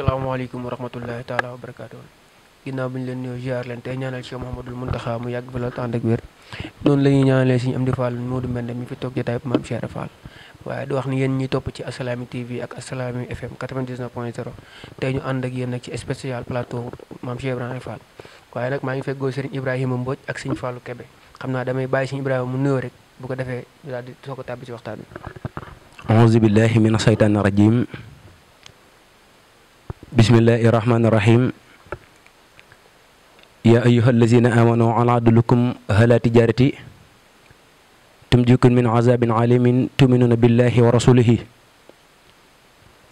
salaamaaleykum wa rahmatullahi taala wa barakaatu ginnaaw bi ñu leen nuyoo ziar leen tey ñaanal Cheikh Mouhamadul Mountakha mu yàgg fi la ànd ak maam Cheikh Fall waaye di wax ni yéen ñi topp ci Assalaamy TV ak Assalaamy FM tey ñu ànd ak yéen nag ci spécial plateau maam Cheikh Ibrahima waaye nag maa ngi feggoo Serigne Ibrahima Mbodj ak Serigne Fallou Kébé xam naa damay bàyyi Serigne Ibrahima mu nuyoo rek bu ko defee ñu daal a tàbbi ci waxtaan bi. bismillahi irrahmani irrahim yaa ayuha allazina amanu an adulukum hala tijarati tumjikum min azabin alimin tuminuna billahi wa rasulihi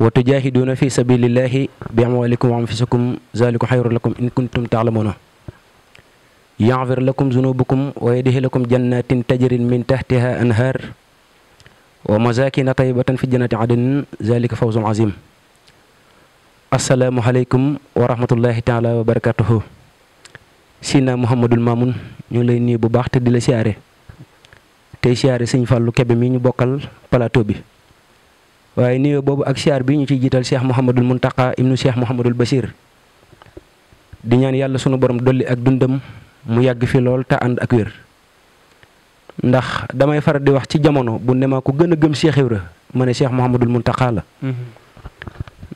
wa tujahiduuna fi sabilillahi bi amwalikum wa anfusikum zalikum xayrun lakum in kuntum taalamuna yaxfir lakum zunubukum wa yadihi lakum jannatin tajrin min tahtiha anhar wa masakina taybatan fi jannati adnin zalika fawzun azim asalaamaaleykum wa rahmatullahi taala wa barakatuhu sina Mouhamadul ñu lay nuyu bu baax te di la siyaare tey siyaare sëñ Fallou Kebe mi ñu bokkal palaato bi waaye nuyoo boobu ak siyaar bi ñu ciy jiital Cheikh Mouhamadul Mountakha ibnu Cheikh Mouhamadul Bachir di ñaan yàlla sunu borom dolli ak dundam mu yàgg fi lool te ànd ak wér ndax damay faral di wax ci jamono bu nema ma ku gën a gëm Cheikh Ibra ma ne Cheikh Mouhamadul Mountakha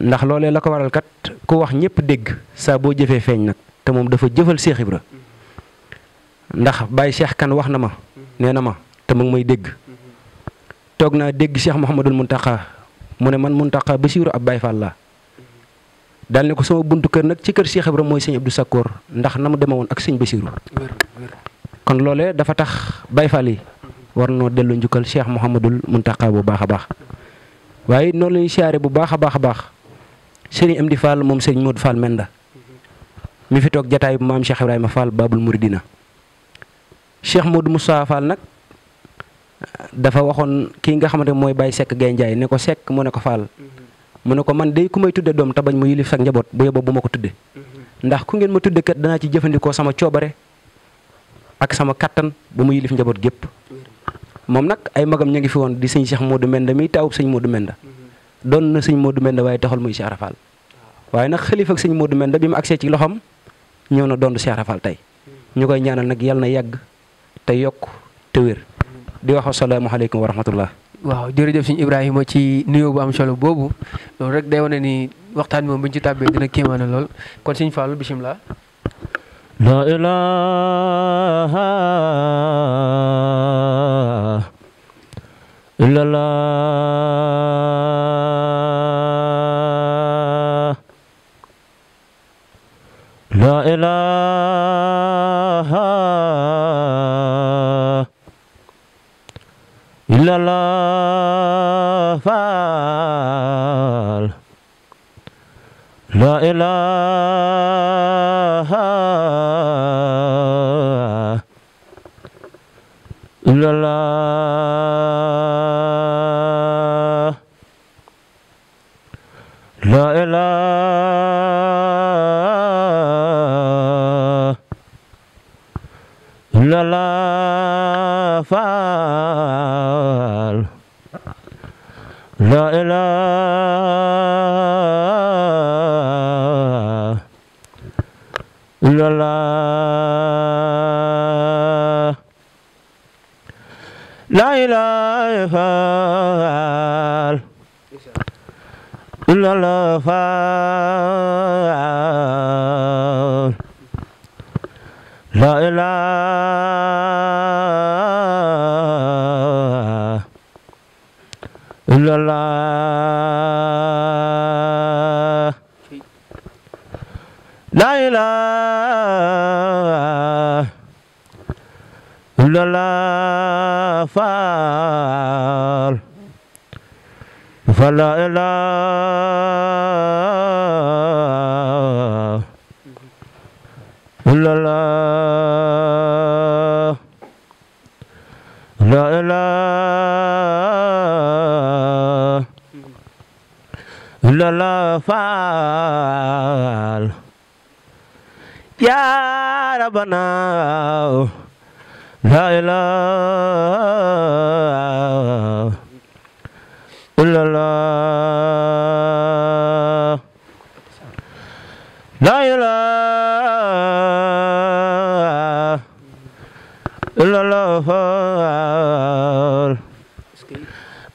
ndax loole la ko waral kat ku wax ñépp dégg saa boo jëfee feeñ nag te moom dafa jëfal Cheikh Ibra ndax Baye Cheikh kan wax na ma nee na ma te mu ngi dégg toog naa dégg Cheikh Mouhamadul Mountakha mu ne man Mountakha Bassirou ab Baye Fall laa daal ne ko sama buntu kër nag ci kër Cheikh Ibra mooy sëñ Abdou Sakkoor ndax na mu deme woon ak sëñ Bassirou kon loolee dafa tax Baye yi war noo dellu njukkal Cheikh Mouhamadul Mountakha bu baax a baax waaye noonu la ñuy bu baax a baax a baax. sëriñ di Fall moom sëriñ Modou Fall Menda mi fi toog jataay bu maam Cheikh Ibrahima Fall Babul Mouridina Cheikh Modou Moussa Fall nag dafa waxoon kii nga xamante mooy Baye Seck Gaye Ndiaye ne ko Seck mu ne ko Fall mu ne ko man de ku may tudde doom tabañ mu yilif sax njaboot bu yóbbu bu ma ko tudde ndax ku ngeen ma tudde kat danaa ci jëfandikoo sama coobare ak sama kattan ba mu yilif njaboot gépp moom nag ay magam ñu ngi fi woon di sëñ Cheikh m Menda doon na sëñ Modou Mbenda waaye taxul muy Cheikh Ibra Fall waaye nag xalifa ak sëñ Modou Mbenda bi mu agsee ci loxoom ñëw na doon Cheikh Ibra Fall tey ñu koy ñaanal nag yàlla na yàgg te yokk te wér di wax asalaamaaleykum wa rahmatullah waaw jërëjëf sëñ Ibrahima ci nuyoo bu am solo boobu loolu rek day wane ni waxtaan moom bu ñu ci a dina kéemaane lool kon sëñ Fallou bisimilah. la ilaha la la la ilaha illallah fal la ilaha illallah your love out. La ilaha illallah. La ilaha illallah. فلا إله إلا الله لا إله إلا الله فعل يا ربنا لا إله إلا الله لا إله إلا الله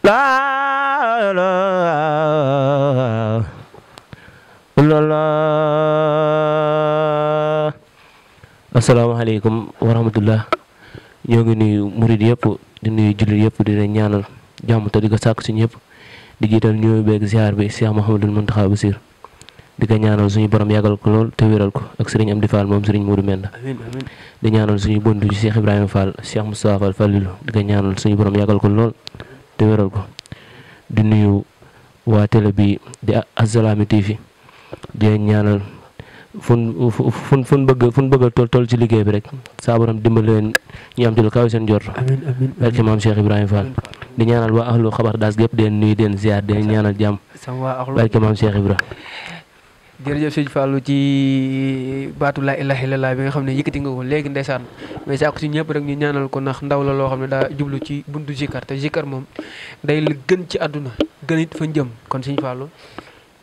لا إله إلا الله asalaamaaleykum wa rahmatullah ñoo ngi nuyu murid yëpp di nuyu jullit yëpp di leen ñaanal jàmm te di ko sàkk suñu di jiital nuyoo beeg ziar bi Cheikh Mouhamadul Mountakha Bassir di ko ñaanal suñu borom yàggal ko lool te wéral ko ak sëriñ Amdi Fall moom sëriñ Modou Menda di ñaanal suñu bondu seex Cheikh Ibrahima seex Cheikh Moustapha Fall Fallilu di ko ñaanal suñu borom yàggal ko lool te wéral ko di nuyu waa télé bi di Assalaamy TV di ñaanal fun fun bëgg fun bëgg a toll toll ci liggéey bi rek saa borom dimbali leen ñu am ci lu kaw seen jor amiin amiin barke maam Cheikh Ibrahima Fall di ñaanal waa ahlu xabar daas gépp den nuyu den ziar den ñaanal jàmm barke maam Cheikh Ibrahima jërëjëf sëñ Fallou ci baatu laa ilaaha illallaah bi nga xam ne yëkkati nga ko léegi ndeysaan mais sàkku si ñëpp rek ñu ñaanal ko ndax ndaw la loo xam ne daa jublu ci buntu Zikar te Zikar moom day gën ci àdduna gën it fa njëm kon sëñ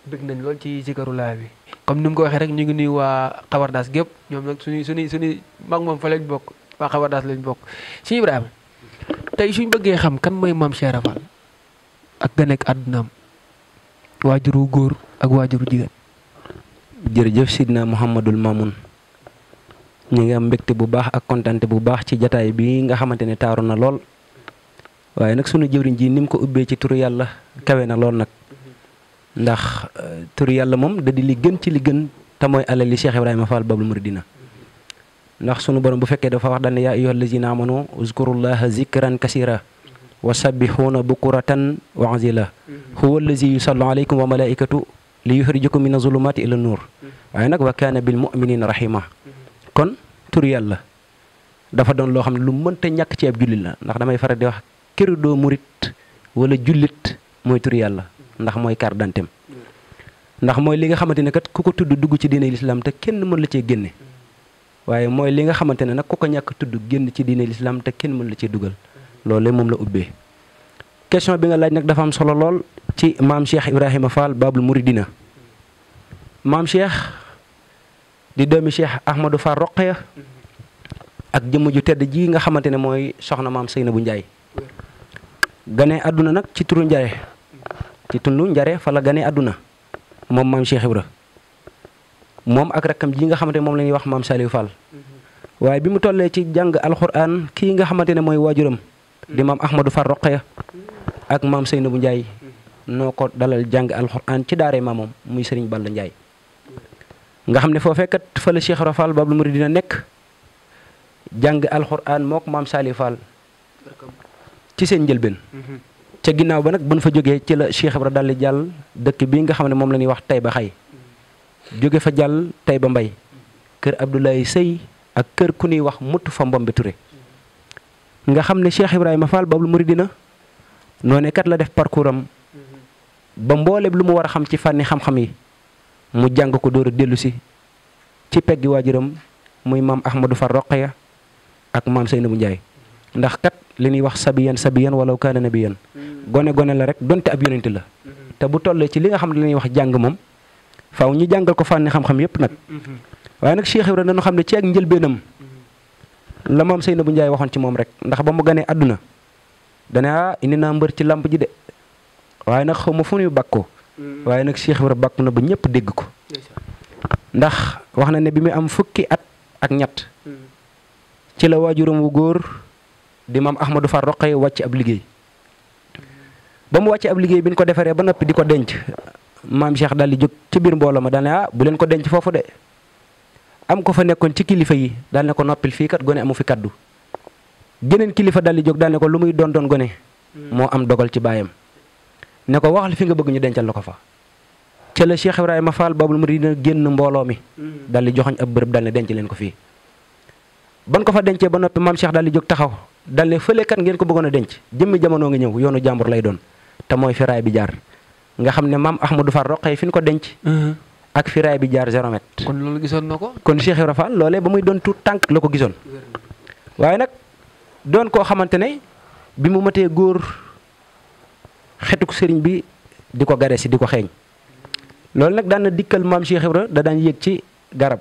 bëgg nañ lool ci ci zikarulaa bi comme ni ko waxee rek ñu ngi nuyu waa xabardaas gépp ñoom nag suñu suñu suñu mag moom fa lañ bokk waa xabardaas lañ bokk si Ibrahima tey suñ bëggee xam kan mooy maam Cheikh ak ga nekk àddunaam waajuru góor ak waajuru jigéen jërëjëf Sidna Mouhamadul Mamoun ñu ngi am mbégte bu baax ak kontante bu baax ci jataay bii nga xamante ne taaru na lool waaye nag sunu jëwriñ ji ni ko ubbee ci turu yàlla kawe na lool nag ndax euh, tur yàlla moom da di li gën ci li gën te mooy alal li Cheikh Ibrahima Fall Babul Muridina ndax sunu borom bu fekkee dafa wax daan ne yaa ayyuhal lazina amanu uzkurullaha zikran kasira wa sabbixuuna bukuratan wa azila huwa allazi yusallu aleykum wa malaikatu li yuxrijukum min azulumati ila nuur waaye nag wa kaana bil muminina rahima kon tur yàlla dafa doon loo xam ne lu mënta ñàkk ci ab jullit la ndax damay faral wax kër doo murit wala jullit mooy tur yàlla ndax mooy carte d'identité ndax mooy li nga xamante ne kat ku ko tudd dugg ci diine lislaam te kenn mën la cee génne waaye mooy li nga xamante ne nag ku ko ñàkk tudd génn ci diine lislaam te kenn mën la cee dugal loolu moom la ubbee question bi nga laaj nag dafa am solo lool ci maam Cheikh Ibrahima Fall Babul Muridina maam Cheikh di doomi Cheikh Ahmadou Fall Roqeya ak jëmm ju tedd ji nga xamante ne mooy soxna maam Seyna bu Njaay gane àdduna nag ci turu Njaay ci tund njare fa la gane àdduna moom maam Cheikh Ibra moom ak rakkam ji nga xamante moom lañuy wax maam Saliou Fall waaye bi mu tollee ci jàng alxuraan kii nga xamante ne mooy waajuram di maam Ahmadou Far Roqaya ak maam Seynabou njaay noo ko dalal jàng alxuraan ci daaree maamoom muy Serigne Balla Ndiaye nga xam ne foofee kat fa la Cheikh Ibra Fall Babul Mouridina nekk jàng alxuraan mook maam Saliou Fall ci seen njëlbeen. Mhm. ca ginnaaw ba nag ban fa jógee ci la Cheikh Ibra daldi jàll dëkk bii nga xam ne moom la ñuy wax Taïba Xay jóge fa jàll ba Mbay kër Abdoulaye sëy ak kër ku ñuy wax mutt fa Mbombe Touré nga xam ne Cheikh Ibrahima Fall Babul Mouridina noonee kat la def parcours am ba mbooleeb lu mu war a xam ci fànni xam-xam yi mu jàng ko door a dellu si ci peggi waajuram muy maam Ahmadou Far Roqaya ak maam Seynabu Njaay ndax kat li ñuy wax sabiyan sabiyan walaw kaana nabiyan mm. gone gone la rek donte ab yonent la mm-hmm. te bu tollee ci li nga xam ne la ñuy wax jàng moom faaw ñu jàngal ko fànni xam-xam nag mm-hmm. waaye nag Cheikh Ibrahima dañu xam ne ci ak njëlbeenam mm-hmm. la maam Seynabou Ndiaye waxoon ci moom rek ndax ba mu ganee àdduna dana ah, indi naa mbër ci làmb ji de waaye nag xaw ma fu ñu bàkkoo waaye nag Cheikh Ibrahima na ba ñëpp dégg ko ndax wax na ne bi muy am fukki at ak ñett ci la waajuram wu góor di maam Ahmadou Far Roqay wàcc ab liggéey ba mu wàccee ab liggéey bi ñu ko defaree ba noppi di ko denc maam Cheikh daal jóg ci biir mbooloo ma daal ah, bu leen ko denc foofu de am ko fa nekkoon ci kilifa yi daal ko noppil fii kat gone amu fi kaddu geneen kilifa daal jóg daal ko lu muy doon doon gone hmm. moo am dogal ci baayam ne ko wax waxal fi nga bëgg ñu dencal la ko fa. ca la Cheikh Ibrahima Fall Babul Mouridina génn mbooloo mi hmm. daal di joxoñ ab bërëb daal ne denc leen ko fii ban ko fa dencee ba noppi maam Cheikh daal di jóg taxaw. dal ne fële kat ngeen ko bëggoon a denc jëmmi jamono ngi ñëw yoonu jàmbur lay doon te mooy fi raay bi jaar nga xam ne maam ax du Far Roqe fi ñu ko denc. Uh-huh. ak fi raay bi jaar zéro mètre. kon loolu gisoon na ko. kon Cheikh Ibra Fall loolee ba muy doon tuut tànk la ko gisoon waaye nag doon koo xamante ne bi mu matee góor xetuk sëriñ bi di ko gare si di ko xeeñ loolu nag daan na dikkal maam Cheikh Ibra da daan yéeg ci garab.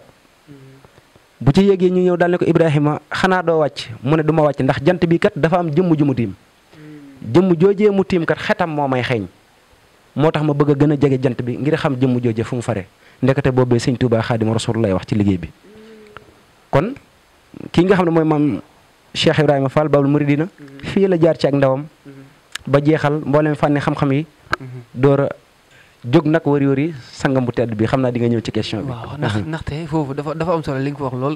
bu ci yéegee ñu ñëw daal ne ko Ibrahima xanaa doo wàcc mu ne du ma wàcc ndax jant bi kat dafa am jëmm ju mu tiim jëmm joojee mu tiim kat xetam moo may xeeñ moo tax ma bëgg a gën a jege jant bi ngir xam jëmm jooje fu mu fare ndekete boobee sëñ Tuubaa Xaadimu Rasuul lay wax ci liggéey bi kon kii nga xam ne mooy man Cheikh Ibrahima Fall Babul Muridina fii la jaar ci ak ndawam ba jeexal mboolem fànni xam-xam yi mhm. door jóg nag wari wari sangam bu tedd bi xam naa di nga ñëw ci question bi. waaw ndax ndaxte foofu dafa dafa am solo li nga fa wax lool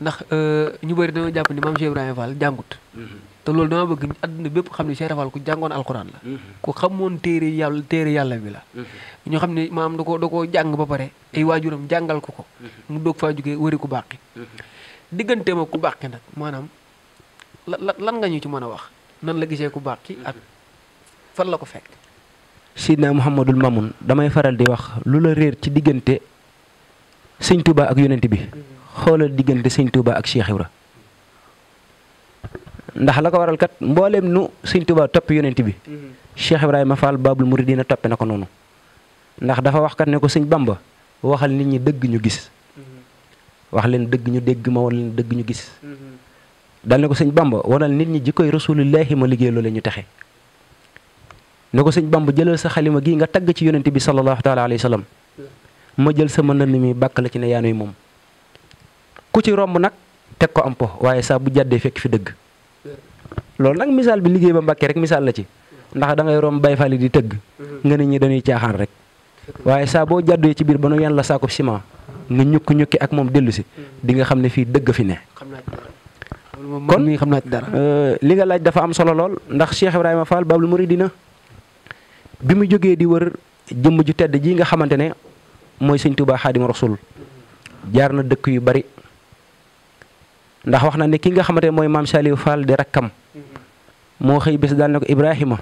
ndax euh, ñu bëri dañoo jàpp ni maam Cheikh Ibrahima Fall jàngut. Mhm. te loolu dama bëgg àdduna bépp xam ne Cheikh Fall ku jàngoon alxuraan la. Mhm. ku xamoon téere yàlla téere yàlla bi la. Mhm. ñu xam ne maam da koo da koo jàng ba pare ay waajuram jàngal ko ko. mu doog faa jógee wari ku bàqi. diggante ma ku bàqi nag maanaam lan lan nga ñu ci mën a wax nan la gisee ku bàqi ak fan la ko fekk. sidna muhammadul mamun damay faral di wax lu la réer ci diggante sëñ ak yonent bi xoolal diggante sëñ ak Cheikh Ibra ndax la ko waral kat mbooleem nu sëñ Touba topp yonent bi Cheikh Ibrahima Fall Babul Mouridina toppe na ko noonu ndax dafa wax kat ne ko sëñ Bamba waxal nit ñi dëgg ñu gis wax leen dëgg ñu dégg ma wala leen dëgg ñu gis dal ne ko sëñ Bamba wanal nit ñi jikkoy rasulillahi ma liggéey loole ñu texe ne ko sëñ bamb jëlal sa xalima gi nga tagg ci yonente bi sallallahu taala alayhi wa sallam ma jël sama nënd mi bàkk la ci ne yaanuy moom ku ci romb nag teg ko am po waaye saa bu jàddee fekk fi dëgg loolu nag misaal bi liggéey ba mbàkkee rek misaal la ci ndax da ngay romb bay fali di tëgg nga nit ñi dañuy caaxaan rek waaye saa boo jàddee ci biir ba nu yan la saako ciment nga ñukki ñukki ak moom dellu si di nga xam ne fii dëgg fi ne kon xam naa dara euh, li nga laaj dafa am solo lool ndax Cheikh Ibrahima Fall Babul bi mu jógee di wër jëmm ju tedd ji nga xamante ne mooy sëñ Tuubaa Xaadimu Rasuul jaar na dëkk yu bari ndax wax na ne ki nga xamante ne mooy maam Saliou Fall di rakkam moo xëy bés daal ne ko Ibrahima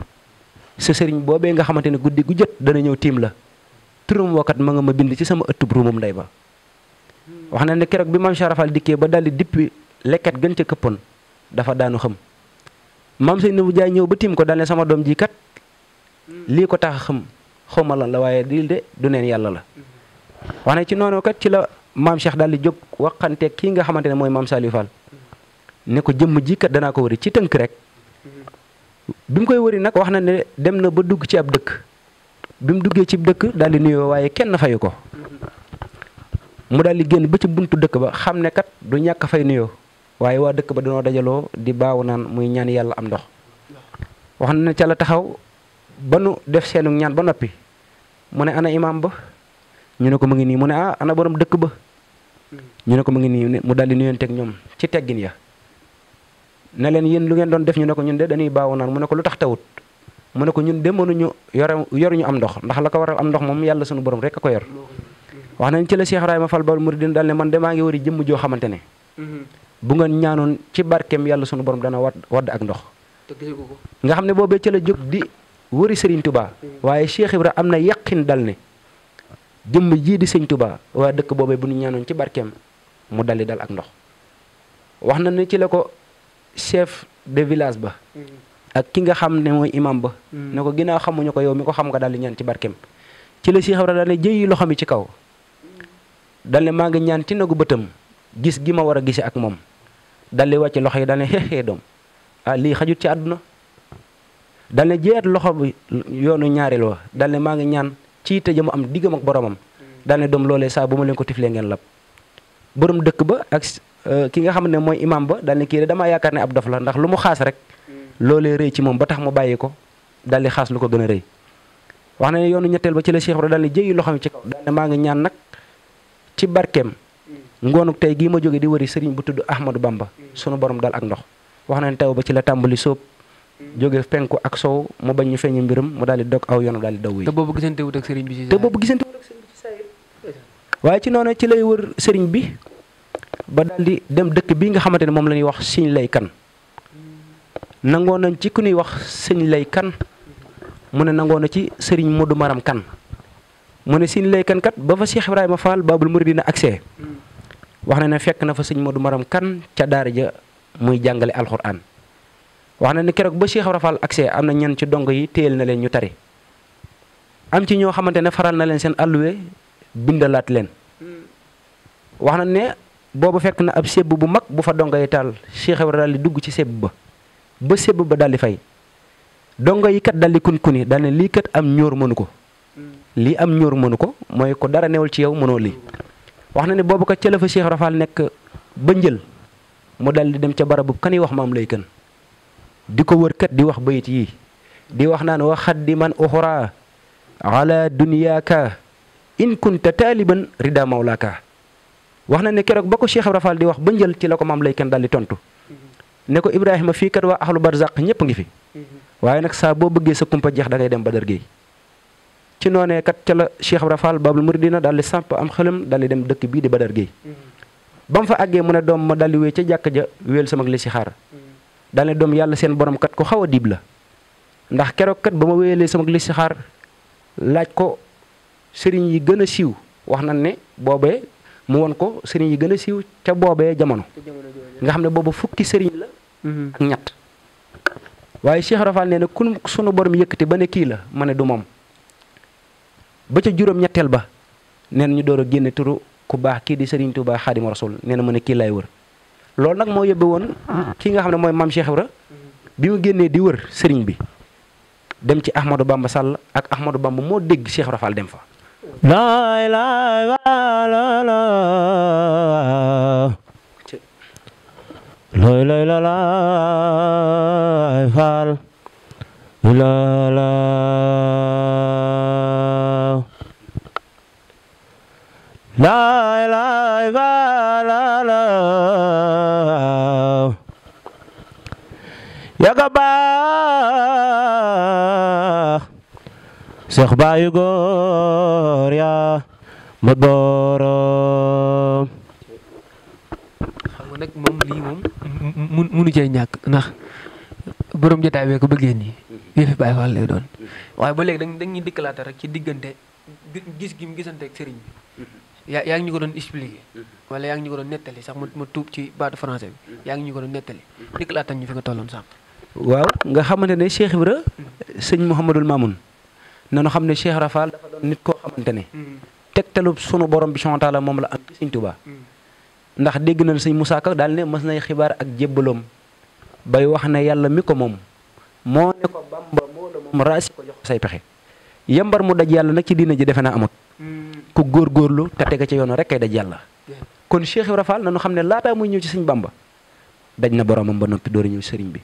sa sëriñ boobee nga xamante ne guddi gu jot dana ñëw tiim la turam wookat ma nga ma bind ci sama ëttub ruumam nday ba wax na ne keroog bi maam Sharafal dikkee ba daldi dippi lekkat gën ca këppoon dafa daanu xam maam bu Ndiaye ñëw ba tiim ko daal sama doom jii kat lii ko tax a xam xaw lan la waaye lii du neen yàlla la wax ne ci noonu kat ci la maam Cheikh daal di jóg waxante kii nga xamante ne mooy maam Saliou Fall ne ko jëmm ji kat danaa ko wëri ci tënk rek bi mu koy wëri nag wax na ne dem na ba dugg ci ab dëkk bi mu duggee ci dëkk daal di nuyoo waaye kenn fayu ko mu daal di génn ba ci buntu dëkk ba xam ne kat du ñàkk fay nuyoo waaye waa dëkk ba dañoo dajaloo di baaw naan muy ñaan yàlla am ndox wax na ne ca ba nu def seenu ñaan ba noppi mu ne ana imaam ba ñu ne ko mu ngi nii mu ne ah ana borom dëkk ba ñu ne ko mu ngi nii mu daal di nuyonteeg ñoom ci teggin ya ne leen yéen lu ngeen doon def ñu ne ko ñun de dañuy baawu naan mu ne ko lu tax tawut mu ne ko ñun de mënuñu yore yoruñu am ndox ndax la ko war a am ndox moom yàlla sunu borom rek a ko yor wax nañ ci la ma Ibrahima Fall mu Mouridine daal ne man de maa ngi wari jëmm joo xamante ne bu ngeen ñaanoon ci barkeem yàlla sunu borom dana wadd wadd ak ndox nga xam wëri Serigne Touba waaye Cheikh Ibra am na yàqin dal ne jëmm jii di sëñ Touba waa dëkk boobe bu nu ñaanoon ci barkeem mu daldi dal ak ndox wax na ne ci la ko chef de village ba mm. ak ki nga xam ne mooy imam ba mm. ne ko ginnaaw xamuñu ko yow mi ko xam nga daldi ñaan ci barkeem ci la Cheikh Ibra dal ne jëyi loxo mi ci kaw dal ne maa ngi ñaan ci nagu bëtam gis gi ma war a gise ak moom daldi wàcc loxo yi dal ne xeexee doom ah lii xajut ci àdduna dal ne jeet loxo bi yoonu ñaareel wa dal ne maa ngi ñaan ci tëje mu am diggam ak boromam dal ne doom loolee saa ma leen ko tiflee ngeen lab borom dëkk ba ak euh, ki nga xam ne mooy imam ba dal ne kii de damaa yaakaar ne ab dof la ndax lu mu xaas rek loolee rëy ci moom ba tax mu bàyyi ko dal di xaas lu ko gën a rëy wax na ne yoonu ñetteel ba ci la Cheikh Ibra dal ne jëyi loxo mi ci kaw dal ne maa ngi ñaan nag ci barkeem ngoonuk tey gii ma jóge di wëri sëriñ bu tudd Ahmadou Bamba sunu borom dal ak ndox wax na ne jóge penku ak sow mu bañ ñu feeñe mbiram mu daal di dog aw yoonam daal di daw yi te boobu gisante wut ak sëriñ bi ci sëriñ bi waaye ci noonu ci lay wër sëriñ bi ba daal dem dëkk bii nga xamante ne moom la ñuy wax sëñ lay kan nangoo nañ ci ku nuy wax sëñ lay kan mu ne nangoo na ci sëriñ Modou Maram kan mu ne sëñ lay kan kat ba fa Cheikh Ibrahima Fall Babul Mouridina accès wax na ne fekk na fa sëñ Modou Maram kan ca daara ja muy jàngale alxuraan wax na ni keroog ba Cheikh Ibra Fall am na ñenn ci dong yi téyel na leen ñu tari am ci ñoo xamante ne faral na leen seen alluwe bindalaat leen wax na ne boobu fekk na ab sébb bu mag bu fa dongo yi taal Cheikh Ibra di dugg ci sébb ba ba sébb ba daal di fay dongo yi kat daal di kun kuni daal ne lii kat am ñóor mënu ko lii am ñóor mënu ko mooy ko dara newul ci yow mënoo lii wax na ne boobu kat ca la fa Cheikh Ibra nekk ba njël mu daal di dem ca barabu bu kan yi wax maam lay kën di ko wër kat di wax bayit yi di wax naan wa xaddiman uxra ala dunyaaka in kunta taaliban rida mawlaaka wax na ne keroog ba ko Cheikh Ibra di wax ba njël ci la ko maam lay kenn daal di tontu ne ko Ibrahima fii kat waa axlu barzaq ñëpp ngi fi waaye nag saa boo bëggee sa kumpa jeex da ngay dem Badar Gueye ci noonee kat ca la Cheikh Ibra Fall Babul Muridina daal di samp am xelam daal dem dëkk bii di Badar ba mu fa àggee mu ne doom ma daal ne doom yàlla seen borom kat ko xaw a dib la ndax keroog kat ba ma wéyalee sama listixaar laaj ko sëriñ yi gën a siiw wax nañ ne boobee mu won ko sëriñ yi gën a siiw ca boobee jamono nga xam ne booba fukki sëriñ la mhm. ñett waaye Cheikh Rafal nee na kun sunu borom yëkkati ba ne kii la ma ne du moom ba ca juróom-ñetteel ba neen ñu door a génne turu ku baax kii di sëriñ Tuubaa Xaadimu Rasuul nee na ma ne kii laay wër loolu nag moo yóbbe woon ki nga xam ne mooy maam Cheikh Ibra bi mu génnee di wër sëriñ bi dem ci Ahmadou Bamba Sall ak Ahmadou Bamba moo dégg Cheikh Ibra Fall dem fa. looy looy la laay faal la yaga baax sox baayu góor yaa mat borom xam nga nag moom lii moom munu cee ñàkk ndax borom jotaay bee ko bëggee nii mm-hmm. yëfi Baay Faal lay doon mm-hmm. waaye ba léegi da dañuy dëkkalaate rek ci diggante gis gi mu gisante ak sëriñ bi mm-hmm. yaa yaa ngi ko doon expliqué wala yaa ngi ñu ko doon nettali sax mu tuub ci baatu français bi yaa ngi ñu ko doon nettali dëkkalaate ñu fi nga tolloon sànq waaw nga xamante ne Cheikh Ibra sëñ Mouhamadul na nanu xam ne Cheikh Rafal dafa koo xamante ne tegtalub sunu borom bi subhaanahu moom la am ci dégg nañ sëñ Moussa Ka daal mas nay xibaar ak jébbaloom bay wax ne yàlla mi ko moom moo ko Bamba moo ko jox say pexe yambar mu daj yàlla nag ci diina ji defe naa amut ku góorgóorlu te teg ca yoonu rek kay daj yàlla kon Cheikh Ibra Fall xam ne laataa muy ñëw ci sëñ Bamba daj na boromam ba noppi door a ñëw sëriñ bi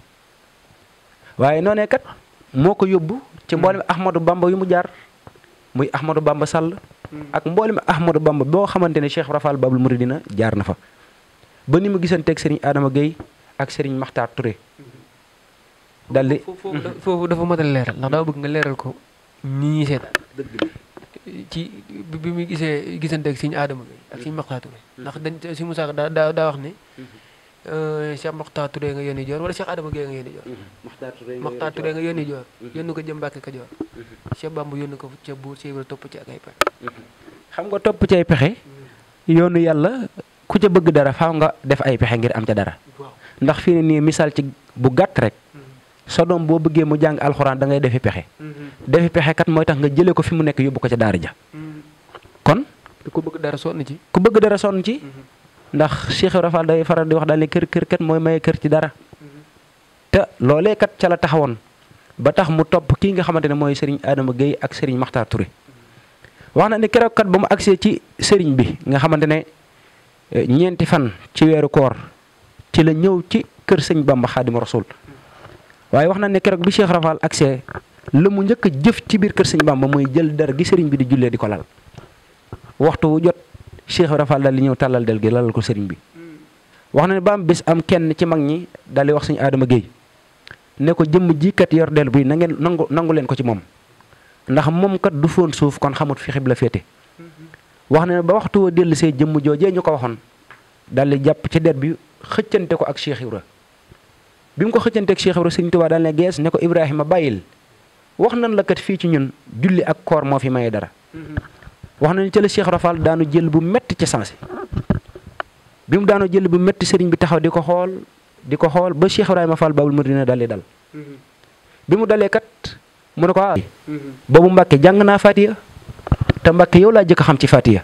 waaye noonee kat moo ko yóbbu ci hmm. mboolem Ahmadou Bamba yu mu jaar muy Ahmadou Bamba Sall hmm. ak mboolem Ahmadou Bamba boo xamante ne Cheikh Rafal Babul Mouridina jaar na fa ba ni mu gisanteeg Serigne Adama Gueye ak Serigne Makhtar Touré dal di hmm. dafa mat a leeral ndax daa bëgg nga leeral ko ñi ñuy seetaan ci bi mu gisee gisanteeg Serigne Adama Gueye ak Serigne Makhtar ndax dañ si Moussa daa daa wax ni Eh, Cheikh Mokhtar Touré nga yónni joor wala Cheikh Adama Gueye nga yónni joor. Mhm. Mokhtar Touré nga mhm. yónni ko jëm Mbàkke Kajoor. Mhm. Cheikh Bamba yónni ko ca buur Cheikh Ibra topp ci ak ay pexe. xam nga topp ci ay pexe. yoonu ku ca bëgg dara faaw nga def ay pexe ngir am ca dara. ndax fi ne nii misaal ci bu gàtt rek. sa boo bëggee mu jàng alxuraan dangay ngay defi pexe. defi pexe kat mooy tax nga jëlee ko fi mu nekk yóbbu ko ca daara ja. kon. ku bëgg dara sonn ci. ku bëgg dara sonn ci. ndax Cheikh Ibra day faral di wax daal ne kër kër kat mooy maye kër ci dara te loolee ca la taxawoon ba tax mu topp kii nga xamante ne mooy Serigne Adama Gueye ak Serigne Makhtar Touré wax na ne keroog kat ba mu agsee ci sëriñ bi nga xamante ne eh, ñeenti fan ci weeru koor ci la ñëw ci kër sëñ Bamba Xaadimu Rasuul waaye wax na ne keroog bi Cheikh Ibra Fall agsee la mu njëkk jëf ci biir kër sëñ Bamba mooy jël dara gi sëriñ bi di jullee di ko lal waxtu wu jot. Cheikh Ibra Fall daal ñëw tàllal del gi lalal ko sëriñ bi wax na ne ba am bis am kenn ci mag ñi daal wax sëñ Adama Guèye ne ko jëmm jii kat yor del bi na ngeen nangu nangu leen ko ci moom ndax moom kat du foon suuf kon xamut fi xibla féete wax na ne ba waxtu wa dellu see jëmm joojee ñu ko waxoon daal di jàpp ci der bi xëccante ko ak Cheikh Ibra bi mu ko xëccante ak Cheikh Ibra sëñ Tuubaa daal ne gees ne ko Ibrahima bàyyil wax nan la kat fii ci ñun julli ak koor moo fi maye dara wax nañu ca la Cheikh Rafal daanu jël bu métti ci sansi bi mu daanoo jël bu métti sëriñ bi taxaw di ko xool di ko xool ba Cheikh Ibrahima Fall Babul Mouridina dalee dal bi mu dalee kat mu ne ko ah jàng naa Fatiha te Mbàkke yow laa jëkk xam ci Fatiha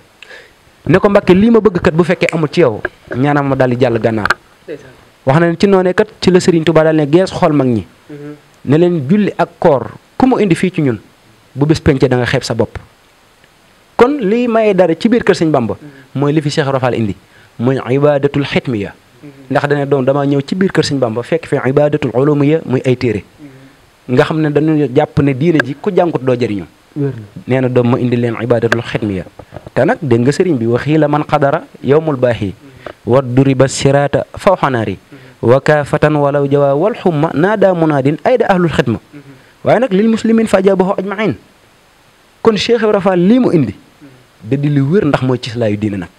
ne ko lii ma bëgg bu fekkee amul ci yow ñaanam ma daal di jàll gànnaar wax na ci noonee kat ci la sëriñ Tuubaa daal ne gees xool mag ñi mhm. ne leen julli ak koor ku mu indi fii ci ñun bu bés pencee da nga xeeb sa bopp kon liy maye dara ci biir kër sëñ Bamba mooy li fi Cheikh Rafal indi muy ibadatul xitmiya ndax dana doon damaa ñëw ci biir kër sëñ Bamba fekk fi ibadatul ulumiya muy ay téere nga xam ne dañu jàpp ne diine ji ku jàngut doo jëriñu nee na doom ma indi leen ibadatul xitmiya te nag dégg nga sëriñ bi waxii la man xadara yowmul baaxi wa duriba sirata faw xanaari wa kaafatan walaw jawaa wal xumma naada munaadin ayda ahlul xidma mhm. waaye nag lil muslimin fa ajaabahu ajmain kon Cheikh Ibra Fall mu indi da di lu wér ndax mooy cislaayu diine nag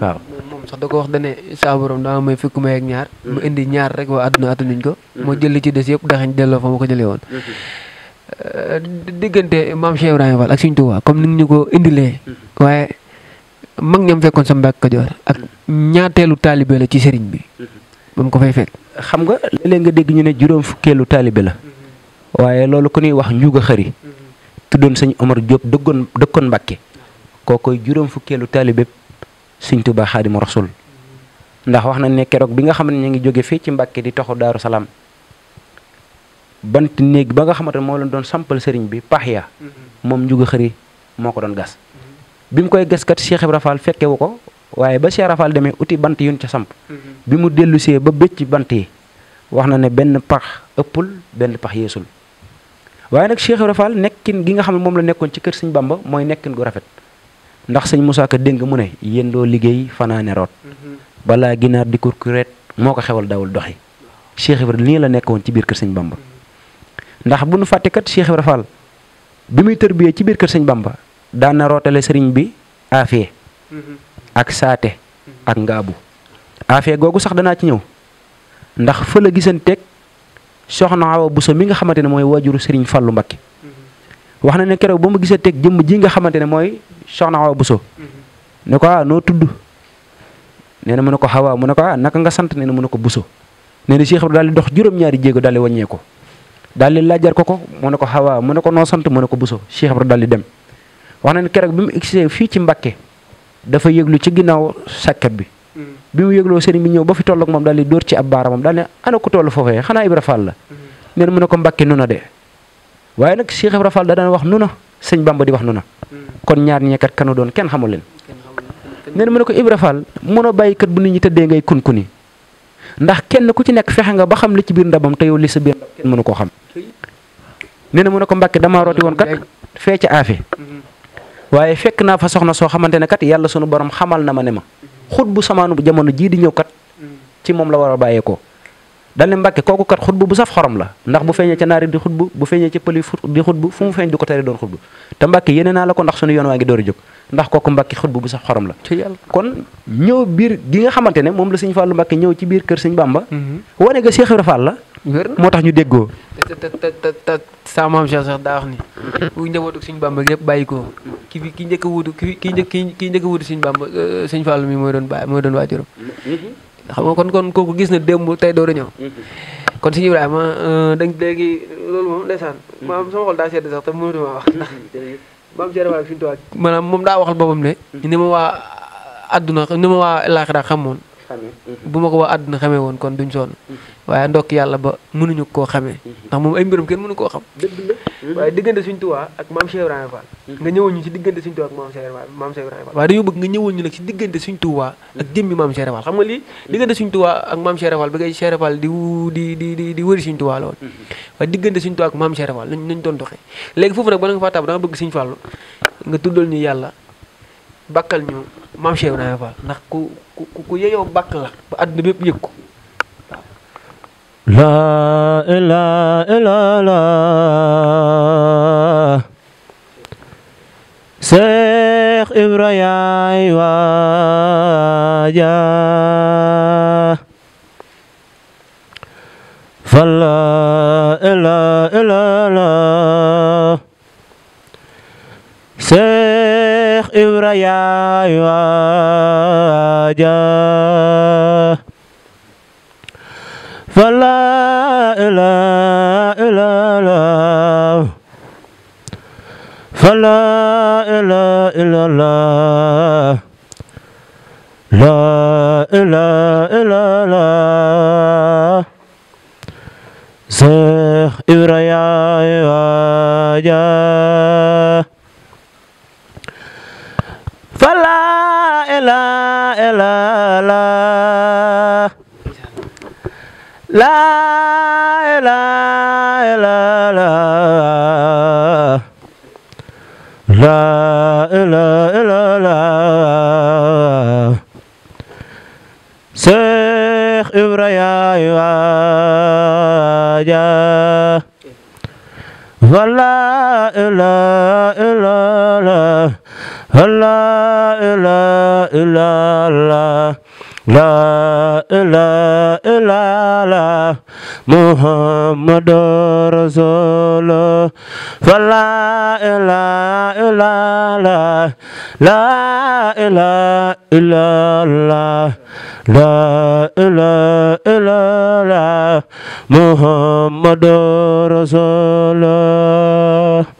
waaw moom sax da ko wax dane saa borom dama may fukk may ak ñaar mu indi ñaar rek waa àdduna attanuñ ko mm-hmm. moo jëli ci des yëpp daxeñ delloo fa ma ko jëlee woon mm-hmm. euh, diggante maam Cheikh Ibrahima Fall ak Sëriñ Tuubaa comme ni ñu ko indilee mm-hmm. waaye mag ñam fekkoon sa Mbàkke Kajoor ak ñaateelu taalibe la ci sëriñ bi ba ko fay fekk xam nga léeg nga dégg ñu ne juróom fukkeelu taalibe la waaye loolu ku ñuy wax njuuga xëri tuddoon kookoy juróom fukkeelu taalibépp sëñ Tuubaa Xaadimu Rasuul ndax wax na ne keroog bi nga xam ne ñu ngi jóge fii ci mbakke di toxu Daaru Salaam bant néeg ba nga xamante moo leen doon sampal sëriñ bi pax ya moom njuga xëri moo ko doon gas mu koy gaskat Cheikh Ibra Fall fekkewu ko waaye ba Cheikh Rafal demee uti bant yuñ ca samp bi mu dellusee ba bëcc bant yi wax na ne benn pax ëppul benn pax yéesul waaye nag Cheikh Rafal nekkin gi nga xam ne moom la nekkoon ci kër sëñ ba mooy nekkin gu rafet ndax sëñ Moussa Ka dénk mu ne yéen doo liggéey fanaane root mhm. balaa ginaar di kurkureet moo ko xewal dawul doxi Cheikh Ibra nii la nekkoon ci biir kër sëñ Bamba mhm. ndax bu nu fàtte kat Cheikh Ibra bi muy tërbiyee ci biir kër sëñ Bamba daan na rootale sëriñ bi aafee mhm. ak saate ak ngaabu aafee googu sax danaa ci ñëw ndax fa la gisanteeg soxna bu Bousso mi nga xamante ne mooy waajuru sëriñ Fallu Mbakke wax na ne keroog ba mu gisee teg jëmm ji nga xamante ne mooy soxna Awa Bousso mhm. ne ko ah noo tudd nee na mu ne ko Awa mu ne ko ah naka nga sant nee na mu ne ko Bousso na Cheikh Ibra dox juróom-ñaari jéego daal di wàññee ko ko ko ne ko Awa mu ne ko noo sant mu ko Bousso Cheikh Ibra di dem wax na bi mu fii ci Mbàkke dafa yëglu ci ginnaaw sàkket bi mhm. bi mu yëgloo sëriñ bi ñëw ba fi toll ak moom daal di ci ab baara moom daal ne ana ko toll foofee xanaa Ibra Fall la mhm. nee na mu ne ko de waaye nag Cheikh Ibra Fall da daan wax nu na sëñ Bamba di wax nu na kon ñaar ñeekat kanu doon kenn xamul leen nee na mu ko Ibra Fall mënoo bàyyi kat bu nit ñi tëddee ngay kun kuni ndax kenn ku ci nekk fexe nga ba xam li ci biir ndabam te yow li sa biir ndab mënu koo xam nee na mu ne ko Mbàkke damaa rooti woon kat fee ca aafe waaye fekk naa fa soxna soo xamante ne kat yàlla sunu borom xamal na ma ne ma xut bu samaanu jamono jii di ñëw kat ci moom la war a bàyyeekoo dal ne Mbàkke kooku kat xutbu bu saf xorom la ndax bu feeñee ca naari di xutbu bu feeñee ca pëli di xutbu fu mu feeñ du ko tere doon xutbu te Mbàkke yéene naa la ko ndax suñu yoon waa ngi door a jóg ndax kooku Mbàkke xutbu bu saf xorom la kon ñëw biir gi nga xamante ne moom la sëñ Fallou Mbàkke ñëw ci biir kër sëñ Bamba mm-hmm. wane nga Cheikh Ibra la moo tax ñu déggoo te te te te sa maam Cheikh sax daa wax ni bu njabootu sëñ Bamba yëpp bàyyi ko ki fi ki njëkk a wuutu ki ki njëkk a wuutu sëñ Bamba euh, xam nga kon kon kooku gis na démb tey door a ñëw. Mhm. kon sëñ Ibrahima euh, dañ léegi loolu moom ndeysaan. Mhm. maanaam sama xol daa sedd sax te mënatuma wax. ndax mhm, maam Cheikh Ibrahima fi mu maanaam moom daa waxal boppam ne. ni ma waa àdduna ni ma wa laaxira xamoon. Mhm. bu ma ko waa àdduna xamee woon kon duñ sonn mhm. waaye ndokk yàlla ba mënuñu koo xamee mhm. ndax moom ay mbiram kenn mënu koo xam waaye diggante suñ tuwaa ak maam Cheikh Ibrahima Fall nga ñëwoon ñu si diggante suñ tuwaa ak maam Cheikh maam Cheikh Ibrahima Fall waaye dañoo bëgg nga ñëwoon ñu nag xam nga lii diggante suñ tuwaa ak maam Cheikh Fall bi di di di di di wëri suñ tuwaa la woon waaye diggante suñ tuwaa ak maam Cheikh Fall nañ doon doxee léegi foofu nag ba nga faa tab danga bëgg suñ fàllu nga tuddal ñu yàlla bakkal ñu maam Cheikh Ibrahima Fall ndax ku ku ku yeyoo bàkk la ba àdduna bépp yëg ko waaw laa ilaa ilaa laa Cheikh Ibrahima waaja Fall laa ilaa ilaa Cheikh Ibra yaay waaja fala ila ila la fala ila ila la la ila Ibra yaay waaja لا إله لا لا إله إلا لا لا إله إلا لا شيخ إبراهيم ولا إله إلا الله لا إله إلا الله لا إله إلا الله محمد رسول الله فلا إله إلا الله لا إله إلا الله لا إله إلا الله محمد رسول الله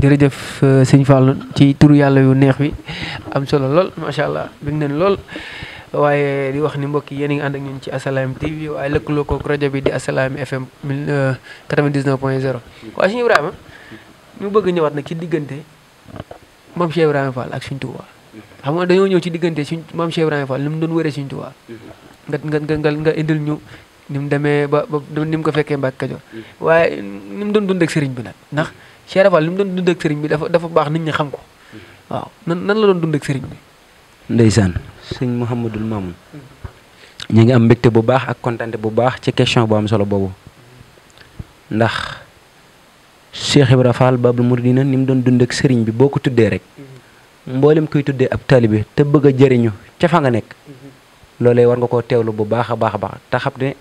jërëjëf euh, sëñ Fallou ci turu yàlla yu neex wi am solo lool macha allah bëgg nañ lool waaye di wax ni mbokk yéen a ngi ànd ak ñun ci asalaam TV waaye lëkkaloo koog rajo bi di asalaam FM 99 point 0. waaw sëñ Ibrahima ñu bëgg ñëwaat nag ci diggante maam Cheikh Ibrahima Fall xam nga dañoo ñëw ci diggante suñ maam Cheikh Ibrahima mu doon wëree suñ Touba nga nga nga nga indil ñu. ni mu demee ba ba ni mu ko fekkee Mbàkke Kajoor mm-hmm. waaye ni mu doon dund ak sëriñ bi nag Cheikh Ibra Fall li mu doon dund ak sëriñ bi dafa dafa baax nit ñi xam ko waaw nan nan la doon dund ak sëriñ bi. ndeysaan sëñ Mouhamadul Mamoun ñu ngi am mbégte bu baax ak kontante bu baax ci question bu am solo boobu ndax bi Cheikh Ibra Fall Babul Mouridina ni mu doon dund ak sëriñ bi boo ko tuddee rek mboolem kuy tuddee ab taalibe te bëgg a jëriñu ca nga nekk loolee war nga koo teewlu bu baax a baax a baax te xam ne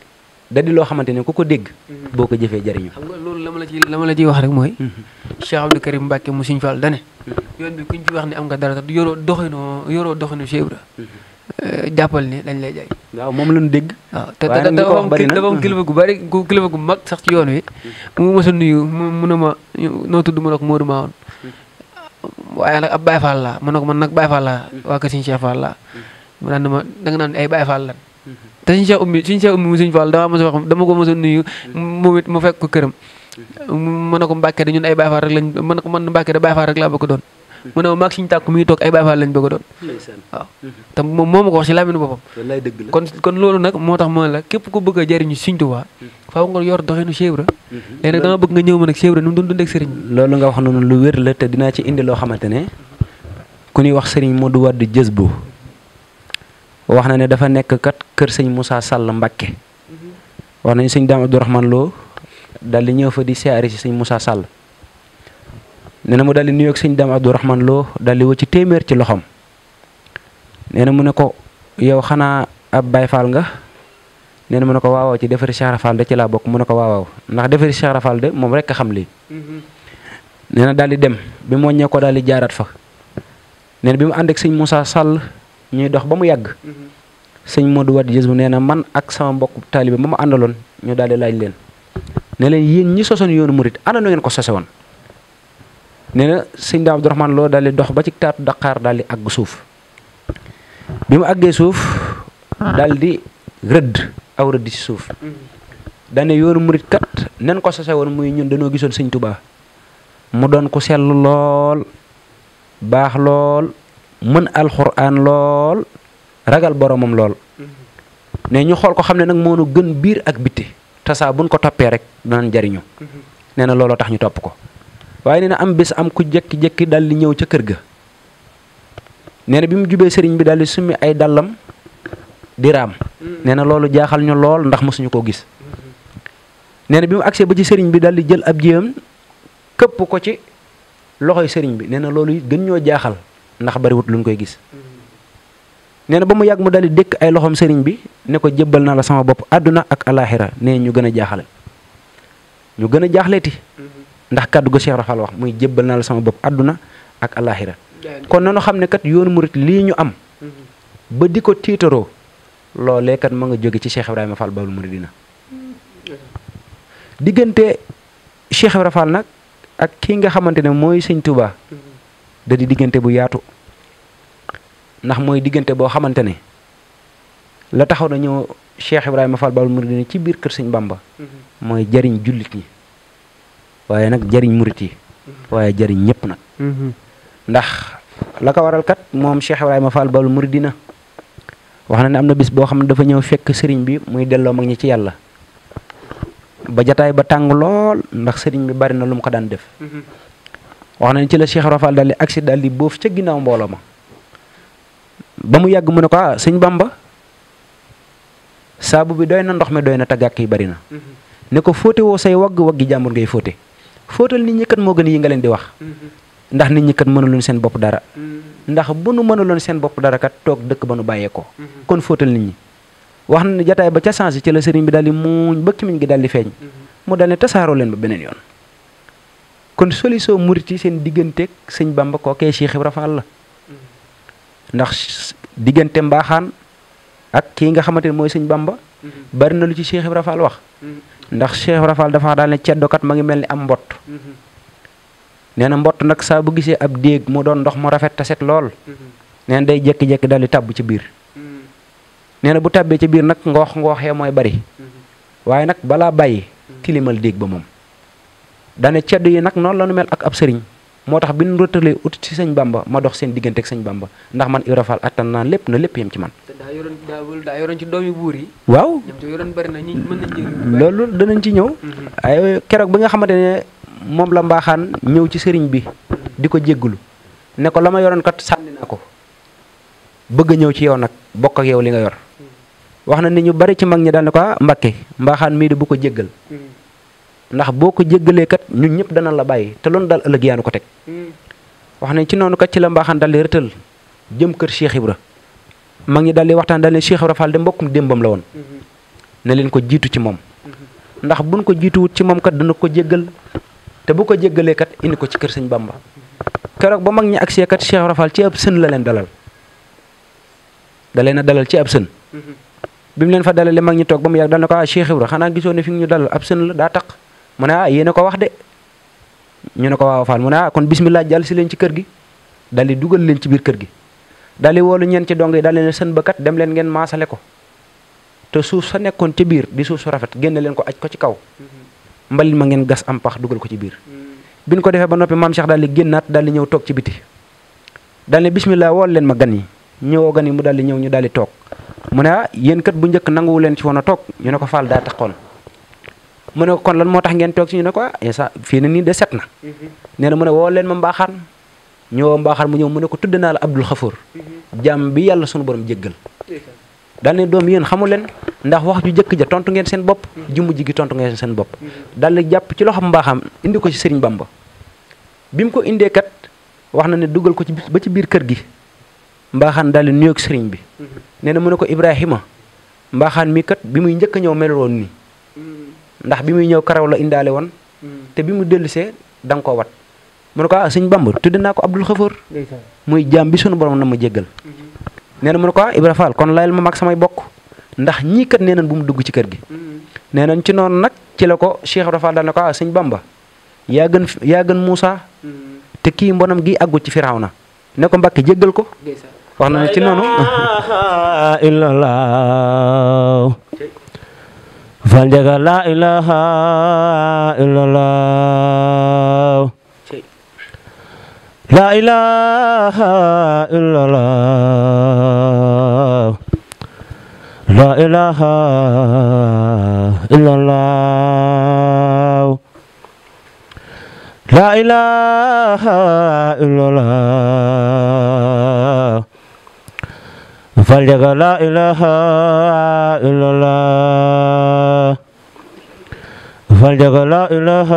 da loo xamante ne ku ko dégg. Mhm. boo ko jëfee jëriñu. xam nga loolu la ma la la ciy wax rek mooy. Mhm. Cheikh Abdou Karim Mbacke mu Sëñ Fall dane hmm. yoon bi kuñ fi wax ne am nga dara tax yoroo doxinoo yoroo doxinu Cheikh hmm. Ibra jàppal ne dañ lay jaay. waaw moom la ñu dégg. waaw te te dafa am kilifa gu bari ku kilifa gu mag sax ci yoon wi. Hmm. mu mos a nuyu mu ne ma noo tudd mu ne ko Modou Maone. waaye nag ab Baye Fall laa ma ne ko man nag Baye Fall laa waa kër Sëñ Cheikh Fall laa. mu naan ma da nga naan ay Baye Fall lan. te Sëñ Cheikh ummi Sëñ Cheikh ummi mu Sëñ Fall dama mos a wax dama ko mos a nuyu. mu it mu fekk ko këram. mu ne ko Mbàkke de ñun ay Baay Faal rek lañ mu ne ko man Mbàkke de ma maag suñu tàkku mi ngi toog ay Baay Faal lañ bëgg doon moom ma ko wax si làmmiñu boppam kon kon loolu nag moo tax ma la képp ku bëgg a jariñu Sëriñ Tuubaa faaw nga yor doxinu Cheikh Ibra mhm. léegi nag dama bëgg nga ñëw ma nag Cheikh Ibra nu mu loolu nga wax noonu lu wér la te dinaa ci indi loo xamante ne ku ñuy wax sëriñ Modou Wade jës bu wax na ne dafa nekk kat kër sëñ Moussa Sall Mbàkke mhm. wax nañ sëñ Daam Abdourahmane Lo daal di ñëw fa di siyaare si sëñ Moussa Sall nee na mu daal di nuyoog sëñ Dame Abdourahman loo daal di wëcc téeméer ci loxoom nee na mu ne ko yow xanaa ab Baay Faal nga nee na mu ne ko waawaaw ci defari Cheikh Rafal de ci laa bokk mu ne ko waawaaw ndax defari Cheikh Rafal de moom rek a xam lii. Mm-hmm. nee na daal dem bi mu wàññee ko daal di jaaraat fa nee bi mu ànd ak sëñ Moussa Sall ñuy dox ba mu yàgg. Mm-hmm. sëñ Modou Wade Jazbou nee na man ak sama mbokk taalibe ba ma àndaloon ñu daal di laaj leen. ne leen ñi sosoon yoonu murit ana nu ngeen ko sose woon nee na sëñ daa di dox ba ci taatu daqaar daal di àgg suuf bi mu àggee suuf daldi rëdd aw rëdd ci suuf dane yoonu murit kat nen ko sose woon muy ñun dañoo gisoon sëñ Tuubaa mu doon ku sell lool baax lool mën alxuraan lool ragal boromam lool ne ñu xool ko xam ne nag moonu gën biir ak bitti te bu buñ ko toppee rek danañ jariñu nee na looloo tax ñu topp ko waaye nee am bés am ku jékki-jékki dal di ñëw ca kër ga nee bi mu jubee sëriñ bi daal di summi ay dàllam di raam nee na loolu jaaxal ñu lool ndax mosuñu koo gis nee bi mu agsee ba ci sëriñ bi daal di jël ab jéem këpp ko ci loxoy sëriñ bi nee na loolu gën ñoo jaaxal ndax bariwut luñ koy gis nee na ba mu yàgg mu daldi dékk ay loxoom sëriñ bi ne ko jébbal naa la sama bopp àdduna ak alaaxira ne ñu gën a jaaxale ñu gën a jaaxleeti mm-hmm. ndax kàddu gu Cheikh Rafal wax muy jébbal naa la sama bopp àdduna ak alaaxira kon na nanu xam ne kat yoon murit lii ñu am mm-hmm. ba di ko tiitaroo loolee kat ma nga jóge ci Cheikh Ibrahima ba Baabul Muridina mm-hmm. diggante Cheikh Ibrahima nag ak kii nga xamante ne mooy sëñ Touba da diggante bu yaatu ndax mooy diggante boo xamante ne la taxaw na ñëw Cheikh Ibrahima Fall Baol Mourideen ci biir kër sëñ Bamba mm-hmm. mooy jariñ jullit ñi waaye nag jariñ murit yi mm-hmm. waaye jariñ ñépp nag mm-hmm. ndax la ko waral kat moom Cheikh Ibrahima Fall Baol Mourideen wax na ne am na bis boo xam ne dafa ñëw fekk sëriñ bi muy delloo mag ñi ci yàlla ba jataay ba tàng lool ndax sëriñ bi bari na lu mu ko daan def wax na ne ci la Cheikh Ibrahima Fall daal di agsi daal di boof ca ginnaaw mbooloo ma ba mu yàgg mu ne ko ah sëñ Bamba saabu bi doy na ndox mi doy na tàggat yi bari na. Mm-hmm. ne ko fóote woo say wagg waggi jàmbur ngay fóote fóotal nit ñi kat moo gën yi nga leen di wax. Mm-hmm. ndax nit ñi kat mënuloon seen bopp dara. Mm-hmm. ndax bu nu mënuloon seen bopp dara kat toog dëkk ba nu bàyyeekoo. kon fóotal nit ñi. wax na ni jataay ba ca changé ci la sëriñ bi daal di muuñ ba kimiñ gi daal di feeñ. mu daal ne tasaaroo leen ba beneen yoon. kon solution murit yi seen digganteeg sëñ Bamba kookee Cheikh la. ndax diggante mbaaxaan ak kii nga xamante ne mooy sëñ Bamba. Mm-hmm. bari na lu ci Cheikh Ibra wax. Mm-hmm. ndax Cheikh Ibra dafa dal ne ceddokat ma ngi mel ni am mbott. Mm-hmm. nee na mbott nag saa bu gisee ab déeg mu doon ndox mu rafet te set lool. nee day jékki-jékki daal di tàbb ci biir. nee na bu tàbbee ci biir nag ngoox ngooxee mooy bari. waaye nag balaa bàyyi. tilimal déeg ba moom. daane ceddo yi nag noonu la nu mel ak ab sëriñ. moo tax bi ñu rëttalee ut ci sëñ bamba ma dox seen diggante ak sëñ bamba ndax man Ibra Fall attan naa lépp na lépp yem ci man. te daa yoroon daa yoroon ci waaw ñoom ñoo yoroon bari na ñi mën loolu danañ ci ñëw. Mhm. keroog bi nga xamante ne moom la mbaaxaan ñëw ci sëriñ bi di ko jéggulu ne ko la ma yoroon kat sànni naa ko bëgg ñëw ci yow nag bokk ak yow li nga yor. Mhm. wax na ni ñu bari ci mag ñi daal ne ko ah Mbacke mbaaxaan mii de bu ko jéggal mhm. ndax boo ko jéggalee kat ñu ñëpp dana la bàyyi te loon daal ëllëg yaanu ko teg hmm. wax ne ci noonu kat ci la mbaaxaan daal di rëtal jëm kër Cheikh Ibra mag ñi daal di waxtaan daal ne Cheikh Ibra mbokkum démbam la woon hmm. ne leen ko jiitu ci moom hmm. ndax buñ ko jiituwut ci moom kat dana ko jéggal te bu ko jéggalee kat indi ko ci kër sañ Bamba keroog ba mag ñi agsee kat Cheikh Ibra Fall ci ab sën la leen dalal da leen a dalal ci ab sën bi mu leen fa dalalee mag ñi toog ba mu yàgg mu ne ah yéena ko wax de ñu ne ko waaw Fall mu ne ah kon bismillah jàll si leen ci kër gi daal di dugal leen ci biir kër gi daal di woolu ñeen ci dong yi daal di leen kat dem leen ngeen maasale ko te suuf sa nekkoon ci biir di suuf su rafet génne leen ko aj ko ci kaw mm-hmm. mbalit ma ngeen gas am pax dugal ko ci biir. Mm-hmm. bi ñu ko defee ba noppi maam Cheikh daal di génnaat daal di ñëw toog ci biti daal di bismillah wool leen ma gan yi ñëwoo gan yi mu daal di ñëw ñu daal di toog mu ne ah bu njëkk nanguwu leen ci woon a toog ñu ne ko Fall daa taxoon. mu ne ko kon lan moo tax ngeen toog si ñu ne ko ah fii na nii de set na. Mhm. nee na mu ne woo leen ma mbaaxaan ñu woo mbaaxaan mu ñëw mu ne ko tudd naa la Abdul Xafoor. Mhm. jàmm bi yàlla sunu borom jéggal. daal ne doom yéen xamul leen ndax wax ju jëkk ja tontu ngeen seen bopp. Mhm. ju mujj tontu ngeen seen bopp. dal di jàpp ci loxo mbaaxam indi ko ci Serigne Bamba. bi mu ko indee kat wax na ne dugal ko ci ba ci biir kër gi mbaaxaan daal di nuyoog Serigne bi. nee na mu ko Ibrahima mbaaxaan mi kat bi muy njëkk a ñëw meloon nii ndax bi muy ñëw karaw la indaale woon hmm. te bi mu dellusee see nga koo wat mu ne ko ah sëñ Bamba tudde naa ko Abdul Xafoor muy jaam bi sunu borom na ma jéggal hmm. nee na mu ko ah Ibra Fall kon layal ma mag samay bokk ndax ñii kat nee nañ bu mu dugg ci kër gi hmm. nee nañ ci noonu nag ci la ko Cheikh Ibra Fall ko ah Bamba yaa gën yaa gën Moussa te kii mbonam gi àggul ci na ne ko Mbàkke jéggal ko wax na ne ci noonu فلجك لا إله إلا الله لا إله إلا الله لا إله إلا الله لا إله إلا الله فليقل لا إله إلا الله فليقل لا إله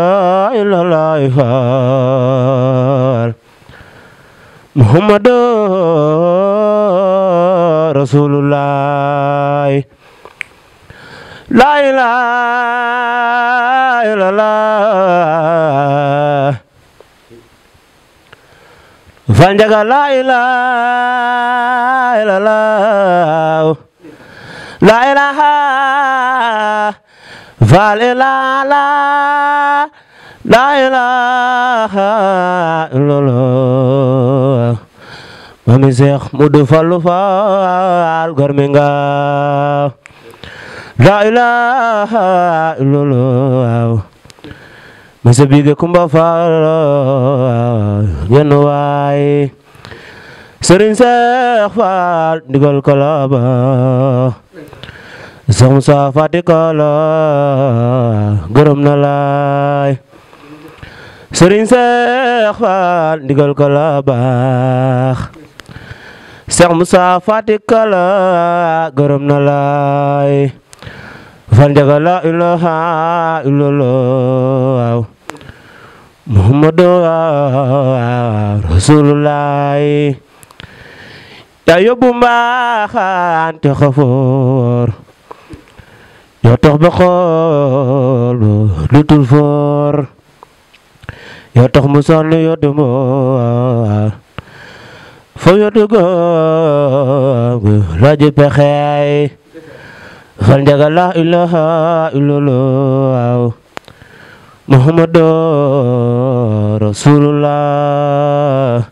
إلا الله فال محمد رسول الله لا إله إلا الله فليقل لا إله illallah la ilaha illallah la ilaha illallah mami Mudu Fallu Faal garminga la ilaha illallah masa bige kumba faal yenn waay sëriñ Seex Faal ndigal koloba Seex Musaa Faati kolo na laay sëriñ Seex Faal ndigal koloba Seex Musaa Faati kolo na laay fan jaga la ilaha illallah ta yóbbu mbaaxaan te xafoor yoo tax ba xool lu dul foor yoo tax mu sonn yoo mboor foo yoo du googu laaji pexey fal njaga laa ilaaha illallah muhammadu rasulullah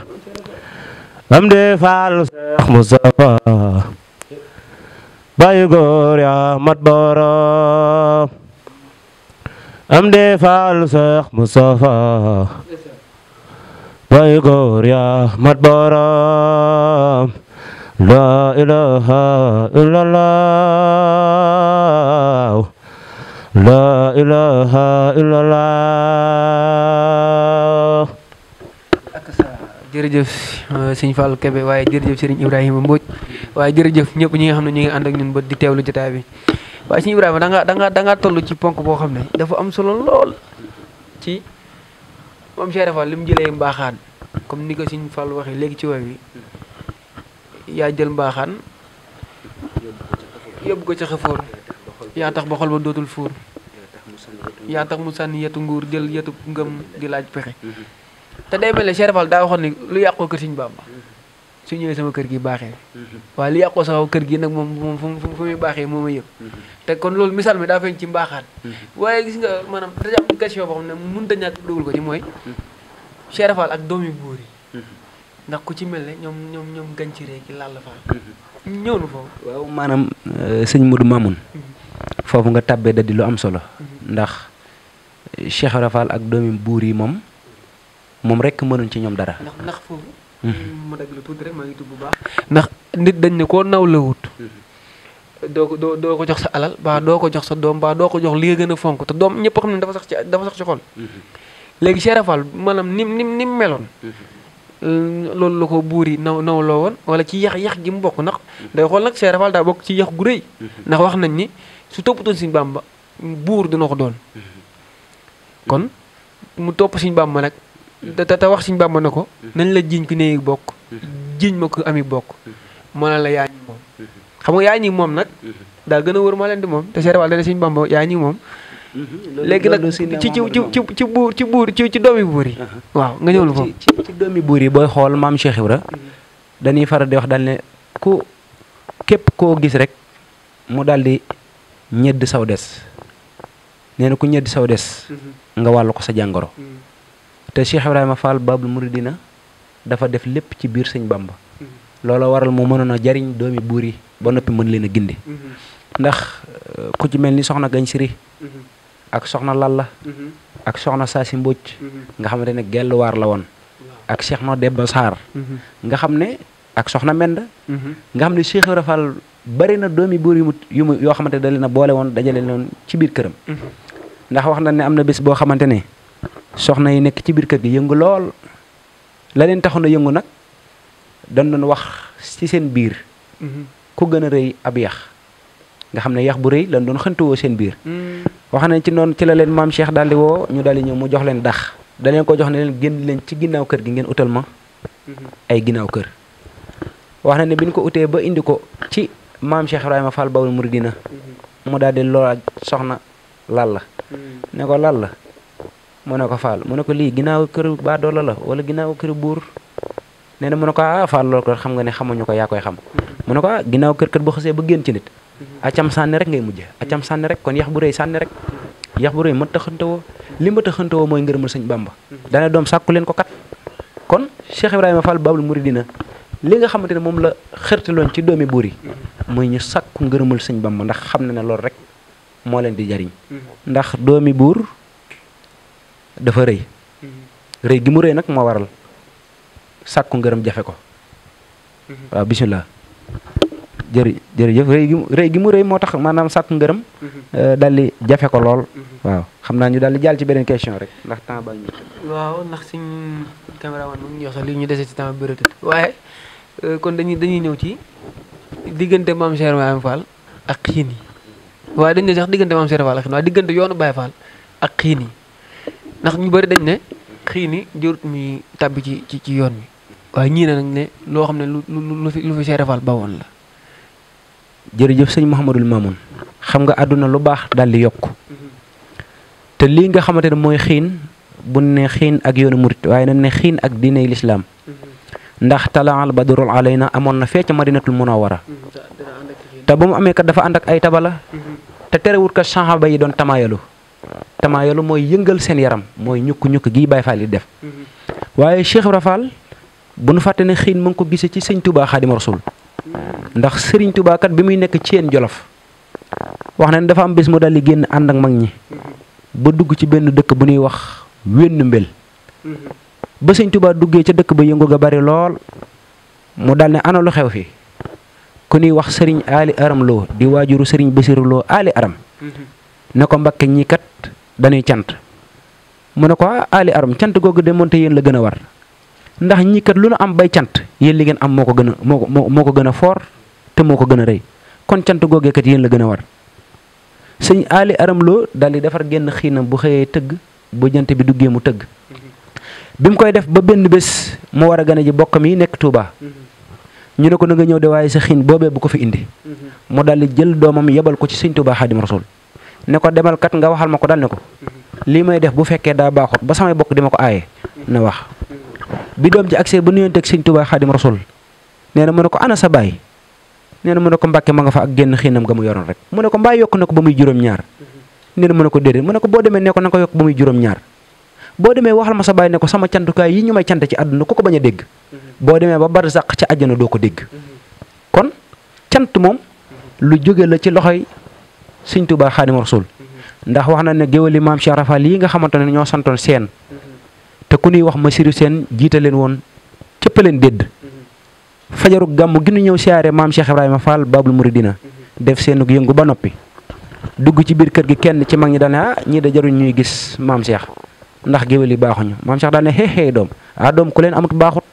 am de faal Seex Mustafa bayu góor mat borom am de faal Seex Mustafa bayu sëñ Fall Kebe waaye jërëjëf Serigne Ibrahima Mbodj waaye jërëjëf ñëpp ñi nga xam ne ñu ngi ànd ak ñun ba di teewlu jotaay bi waaye sëñ Ibrahima da nga da nga ci ponk boo xam ne dafa am solo lool ci moom Cheikh Fall li mu jëlee mbaaxaan comme ni ko sëñ Fall waxee léegi ci way wi yaa jël mbaaxaan yóbbu ko ca xafoor yaa tax ba xol ba dootul fuur yaa tax mu sànni yetu nguur jël yetu ngëm di laaj pexe te day mel ne Cheikh daa waxoon ne lu yàqoo kër Sëñ Bamba su ñëwee sama kër gi baaxee waaye lu yàqoo kër gi nag moom moom fu baaxee moom a te kon loolu misaal mi daa feeñ ci mbaaxaat waaye gis nga maanaam daja am question boo xam ne mënut a ñàkk ko ci mooy Cheikh ak doomi buur yi ndax ku ci mel ne ñoom ñoom ñoom gànciree ki làll faa ñëw na maanaam euh, sëñ Modou Mamoun nga tàbbee di lu am solo mm-hmm. ndax Cheikh Fall ak doomi buur yi moom moom rek mënuñ ci ñoom dara. ndax ndax foofu. ma hmm. dagg la tuuti rek bu baax. ndax nit dañ ne koo naw wut. Hmm. doo ko doo doo ko jox sa alal baa doo ko jox sa doom baa doo ko jox li nga gën a fonk te doom ñëpp xam ne dafa sax ci dafa sax ci xol. Hmm. léegi Cheikh Rafal maanaam nim nim nim meloon. loolu la ko buur yi naw nawloo woon wala ci yax yax gi mu bokk ndax day xool nag Cheikh Rafal daa bokk ci yax gu rëy. ndax wax nañ ni su toppatoon baam ba buur dina ko doon. kon mu topp baam ma nag. te te wax suñu ma ne ko mm-hmm. nañ la jiñ ku néegi bokk mm-hmm. jiñ ma ku ami bokk moo mm-hmm. naan la yaa ñi moom xam nga yaa ñi moom nag daa gën a wóor maa leen di moom te seere wàll dana suñu bàmba yaa ñi moom léegi nag ci ci ci ci buur ci buur ci ci doomi buur yi uh-huh. waaw nga ñëwlu foofu ci doomi buur yi booy xool maam Cheikh Ibra dañuy faral di wax dal ne ku képp koo gis rek mu daal di ñedd saw des nee na ku ñedd saw des nga wàllu ko sa jàngoro te Cheikh Ibrahima mu Babul Mouridina dafa def lépp ci biir sëñ Bamba mm-hmm. loola waral moo mënoon a jariñ doomi buur yi ba noppi mën leen a mm-hmm. ndax eh, ku ci mel ni soxna gañ siri mm-hmm. ak soxna Lalla ak soxna si Mbóoj nga xamante ne gelluwaar la woon ak Cheikh no Debba Sarr nga xam ne ak soxna Mend nga xam ne Cheikh Ibrahima Fall bari na doomi buur yu mu yu mu yoo xamante ne da leen a boole woon dajale woon ci biir këram ndax wax na ne am na bés boo xamante ne soxna yi nekk ci biir kër gi yëngu lool la leen taxoon a yëngu nag dañ doon wax ci seen biir mhm. ku gën a rëy ab yax nga xam ne yax bu rëy lañ doon xëntuwoo seen biir mhm. wax na ci noonu ci la leen maam seex daal di woo ñu daal di ñëw mu jox leen dax da leen ko jox ne leen génn leen ci ginnaaw kër gi ngeen utal ma mhm. ay ginnaaw kër wax na ne bi ñu ko utee ba indi ko ci maam Cheikh Ibrahima Fall Bawul Muridina mu daal di loolaat soxna la ne ko la mu ne ko faal mu ne ko lii ginnaaw kër baadoola la wala ginnaaw kër buur nee na ko ah faal loolu kat xam nga ne xamuñu ko yaa koy xam mu ne ko ah ginnaaw kër kat bu xasee ba génn ci nit acam sànni rek ngay mujje acam sànni rek kon yax bu rëy sànni rek yax bu rëy mën ta xantawoo li mën ta xantawoo mooy ngërëmal sëñ bamba daane doom sàkku leen ko kat kon Cheikh Ibrahima Fall babul muridina li nga xamante ne moom la xërtaloon ci doomi buur yi mooy ñu sàkku ngërëmal sëñ bamba ndax xam na ne loolu rek moo leen di jariñ ndax dafa rëy rëy gi mu rëy nag moo waral sàkku ngërëm jafe ko waaw bisimilah jërë jërëjëf rëy gi rëy gi mu rëy moo tax maanaam sàkku ngërëm eh, daal di jafe ko lool waaw xam naa ñu dal di jàll ci beneen question rek ndax temps baa ñu waaw ndax suñ caméraman mu ngi jox sax li ñu dese ci temps bi waaye eh, kon dañuy dañuy ñëw ci diggante maam Cheikh Ibrahima Fall ak xiin yi waaye dañu ne sax diggante maam Cheikh Fall ak xiin waaye diggante yoonu Baye Fall ak xiin yi ndax ñu bari dañ ne xii ni jërut mi tàbbi ci ci ci yoon wi waaye ñii ne nag ne loo xam ne lu lu fi lu fi ba woon la jërëjëf sëñ Mouhamadul Mamoun xam nga àdduna lu baax daal di yokk te lii nga xamante ne mooy xiin bu ne xiin ak yoonu murit waaye nañ ne xiin ak diiney lislaam ndax talaal badrul na amoon na ma dinatul madinatul munawara mm-hmm. te ba mu amee kat dafa ànd ak ay tabala mm-hmm. te terewut ka saxaaba yi doon tamaayalu tamaayolu mooy yëngal seen yaram mooy ñukk ñukk gi Baay faa yi def waaye Cheikh Ibra bu nu fàtte ne xiin mu ngi ko gisee ci sëñ Touba Xaadimu Rasuul ndax Serigne Touba bi muy nekk ci yenn Jolof wax na ne dafa am bés mu daal di génn ànd ak mag ñi ba dugg ci benn dëkk bu ñuy wax wenn mbel ba sëñ Touba duggee ca dëkk ba yëngu ga bari lool mu daal ne xew fi ku nuy wax sëriñ Ali Aram Lo di waajuru Serigne Basiru Lo Ali Aram ne ko mbakke ñi kat dañuy cant mu ne ko ah, ali aram cant googu de moonte yéen la gën a war ndax ñi kat lu nu am bay cant yéen li ngeen am moo ko gën a moo ko moo ko gën a foor te moo ko gën a rëy kon cant googee kat yéen la gën a war sëñ ali aram loo daal di defar génn xiinam bu xëyee tëgg bu jant bi duggee mu tëgg bi mu koy def ba benn bés mu war a gane ji bokkam yi nekk Touba ñu ne ko na nga ñëw de waaye sa xiin boobee bu ko fi indi mu daal di jël doomam yebal ko ci sëñ Touba Xaadim Rasul ne ko demal kat nga waxal ma ko dal ne ko mhm. lii may def bu fekkee daa baaxut ba samay bokk di ma ko aaye na wax mhm. bi doom ci accès ba nuyonteeg sëñ Tuubaa Xaadim Rasul nee na ko ana sa baay nee na mu ne ko mbàkke ma nga fa ak génn xiinam nga mu yoroon rek mu ne ko mbaa yokk na ko ba muy juróom-ñaar mhm. nee na mu ne ko déedéet mu ne ko boo demee ne ko na nga ko yokk ba muy juróom-ñaar boo demee waxal ma sa baay ne ko sama cantukaay yi ñu may cant ci àdduna ku ko bañ a dégg ba barsàq ca àjjana doo ko dégg sëñ Tuubaa Xaadimu Rasuul ndax wax na ne géwéli maam Cheikh Rafal yi nga xamante ne ñoo santoon seen te ku ñuy wax Masiru seen jiite leen woon cëpp leen dédd fajaru gàmm gi ñu ñëw siyaare maam Cheikh Ibrahima Fall Babul Muridina def seen yëngu ba noppi dugg ci biir kër gi kenn ci mag ñi daal ne ah ñii da jaruñ ñuy gis maam Cheikh ndax géwél yi baaxuñu maam Cheikh daal ne xëy xëy doom ah doom ku leen amut baaxut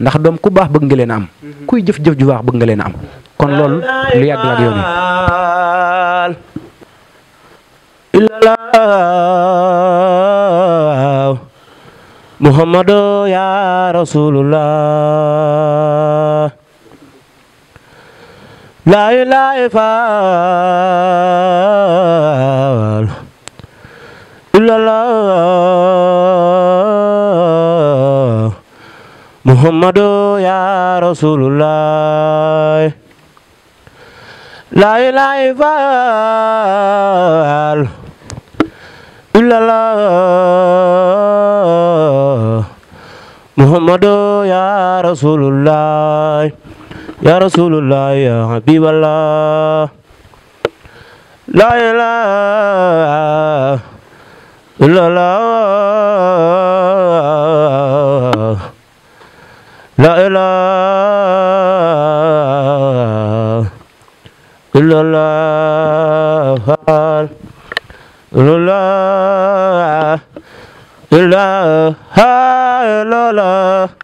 ndax doom ku baax bëgg nga leen am kuy jëf-jëf ju baax bëgg nga illallah muhammadu ya rasulullah la ilaha illallah muhammadu ya rasulullah lay lay faal ilala muhammadu ya rasulullah ya rasulullah ya habiballah la ilaha illallah la illallah illallah illallah la ilaha illallah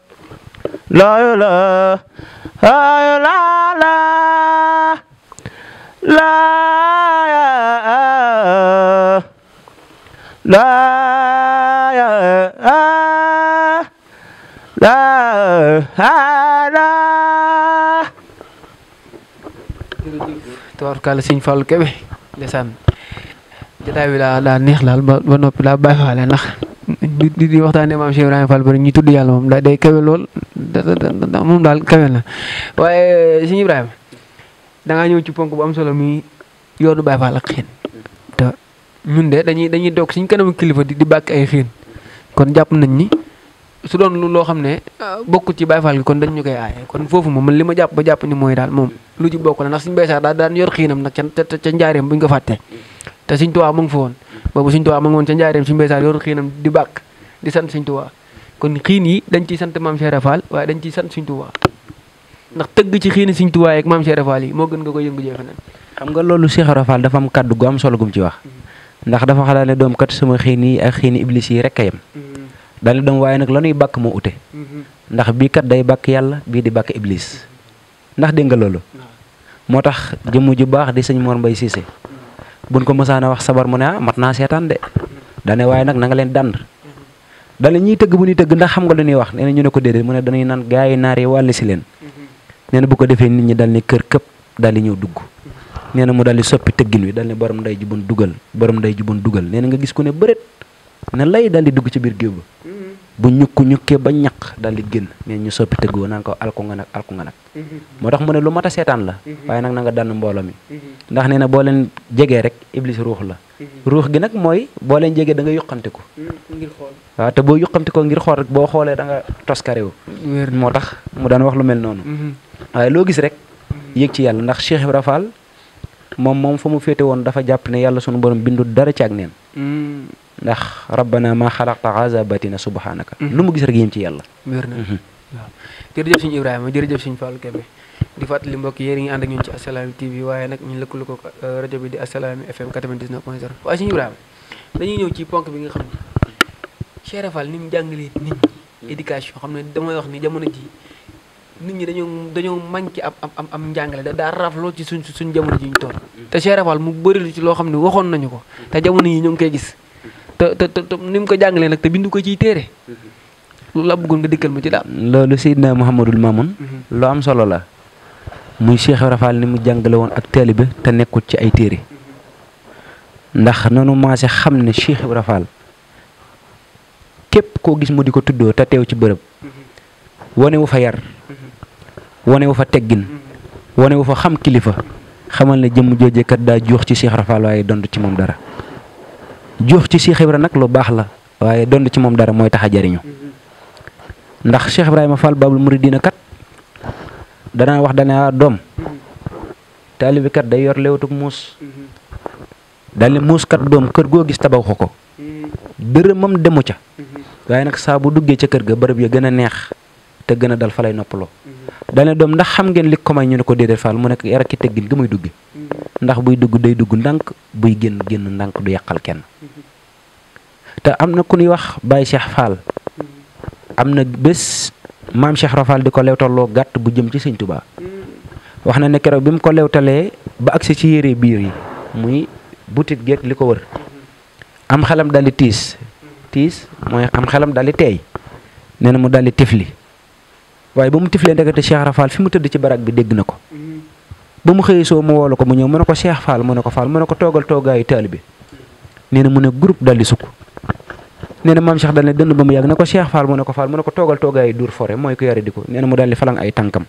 la la la la tubaarkalla sëñ Fallou Kébé ndeysaan jotaay bi laa daa neex daal ba ba noppi laa bàyyi xaale ndax di di waxtaanee maam Cheikh Ibrahima Fall bari ñu tudd yàlla moom da day lool da moom daal kawe na waaye sëñ Ibrahima da ngaa ñëw ci ponk bu am solo mi yoonu Baye Fall ak xiin te ñun de dañuy dañuy doog kanamu kilifa di di bàkk ay xiin kon jàpp nañ ni su doon loo xam ne bokk ci Baye Fall gi kon dañ ñu koy aaye kon foofu moom man li ma jàpp ba jàpp ni mooy daal moom lu ci bokk la ndax suñu baysaar daal daan yor xiinam nag ca ca njaareem buñ ko fàttee yor xiinam di bàkk di sant suñ tuwaa kon xiin yi dañ ciy sant maam Cheikh Fall waaye dañ ciy sant suñ tuwaa ndax tëgg ci xiini suñ tuwaa yeeg maam Cheikh Fall yi moo gën nga koy yëngu jee feneen xam nga loolu Cheikh Fall dafa kàddu gu am solo gum ci wax mm-hmm. ndax dafa xalaat ne doom kat sama xiin yi ak xiini iblis yi rek a yem mm-hmm. daal di dem waaye nag la nuy bàkk moo ute mhm. ndax bii kat day bàkk yàlla bii di bàkk iblis ndax dégg nga loolu moo tax jëmm ju baax di sañ Mor Mbay Cissé buñ ko mësaana wax sabar mu ne ah mat naa seetaan de dane waaye nag na nga leen dànd dala ñuy tëgg bu ñuy tëgg ndax xam nga lu ñuy wax nee na ñu ne ko de mu ne dañuy naan gaa yi naar yi wàll si leen mhm. nee na bu ko defee nit ñi dal ni kër këpp dal di ñëw dugg mhm. nee na mu dal di soppi tëggin wi dal ni borom nday ji bon dugal borom nday ji bon dugal nee na nga gis ku ne bërét ne lay dal di dugg ci biir géew bu ñukk ñukkee ba ñaq daal di génn mais ñu soppi tëggoo naan ko alku nga nag alku nga nag mhm. moo tax mu ne lu mat a seetaan la mhm. waaye nag na nga dànn mbooloo mi mhm. ndax nee na boo leen jegee rek iblis ruux la ruux gi nag mooy boo leen jegee da nga yuqamtiku ngir xool waaw te boo yuqamtikoo ngir xool rek boo xoolee da toska toskaréwu moo tax mu daan wax lu mel noonu waaye loo gis rek yëg ci yàlla ndax Cheikh Ibra Fall moom moom fa mu féete woon dafa jàpp ne yàlla sunu borom bindu dara ci ak ndax rabbana ma xalaqta haza batina subhanaka mm-hmm. lu mu gis rek yéem ci yàlla wér na mm-hmm. waaw jërëjëf suñu Ibrahima jërëjëf suñu Fallou Kébé di fàttali mbokk yéen ngi ànd ak ñun ci Assalaamy TV waaye nag ñu lëkkaloo ko euh, rajo bi di Assalaamy FM 99 point 0 waaye suñu Ibrahima ñëw ci ponk bi nga xam ne Cheikh Rafal ni mu jàngalee nit ñi mm-hmm. éducation xam ne damay wax ni jamono ji nit ñi dañoo dañoo manqué am am am njàngale da daa raf lool ci suñ suñ jamono ji ñu toll te Cheikh Rafal mu bëri ci loo xam ne waxoon nañu ko te jamono yi ñoo ngi koy gis te te te ni mu ko jàngalee nag te bindu ko ciy téere loolu la bëggoon nga dikkal ma ci daal. loolu Seydina Mouhamadul mhm. lu am solo la. muy Cheikh Rafal ni mu jàngale woon ak taalibe te nekkut ci ay téere ndax nanu maase xam ne Cheikh Rafal képp koo gis mu di ko tuddoo te teew ci bërëb mhm. wane wu fa yar mhm. wane wu fa teggin wane wu fa xam kilifa xamal ne jëm joojekat daa jox ci Cheikh Rafal waaye dond ci moom dara. jox ci Cheikh Ibra nag lu baax la waaye dond ci moom dara mooy tax a jariñu ndax Cheikh Ibrahima Fall Babul Mouridina kat danaa wax dana doom taalibi day yor lewtuk muus daal ne muus doom kër goo gis tabaxu ko dërëmam demu ca waaye nag saa bu duggee ca kër ga bërëb ya gën a neex te gën a dal fa lay noppaloo dana doom ndax xam ngeen li ko ñu ne ko déedéet faal mu nekk yar ki teggin gi muy dugg ndax buy dugg day dugg ndànk buy génn génn ndànk du yàqal kenn te am na ku ñuy wax Baye Cheikh Fall am na bés maam Cheikh Rafal di ko lewtaloo gàtt bu jëm ci sëñ Tuubaa wax na ne keroog bi mu ko lewtalee ba agsi ci yére biir yi muy boutique geeg li ko wër am xelam dali tiis tiis mooy am xelam dali teey nee na mu dali tifli waaye ba mu tiflee ndekete Cheikh Rafal fi mu tëdd ci barak bi dégg na ko ba mu xëyee soo mu woo ko mu ñëw mu ne ko Cheikh Fall mu ne ko Fall mu ko toogal toogaayu taalibe nee na mu ne groupe dal di sukk nee na maam Cheikh dal ne dënd mu yàgg ne ko Cheikh Fall mu ne ko Fall ko toogal toogaayu duur fore mooy ko yare di ko nee mu daal falang ay tànkam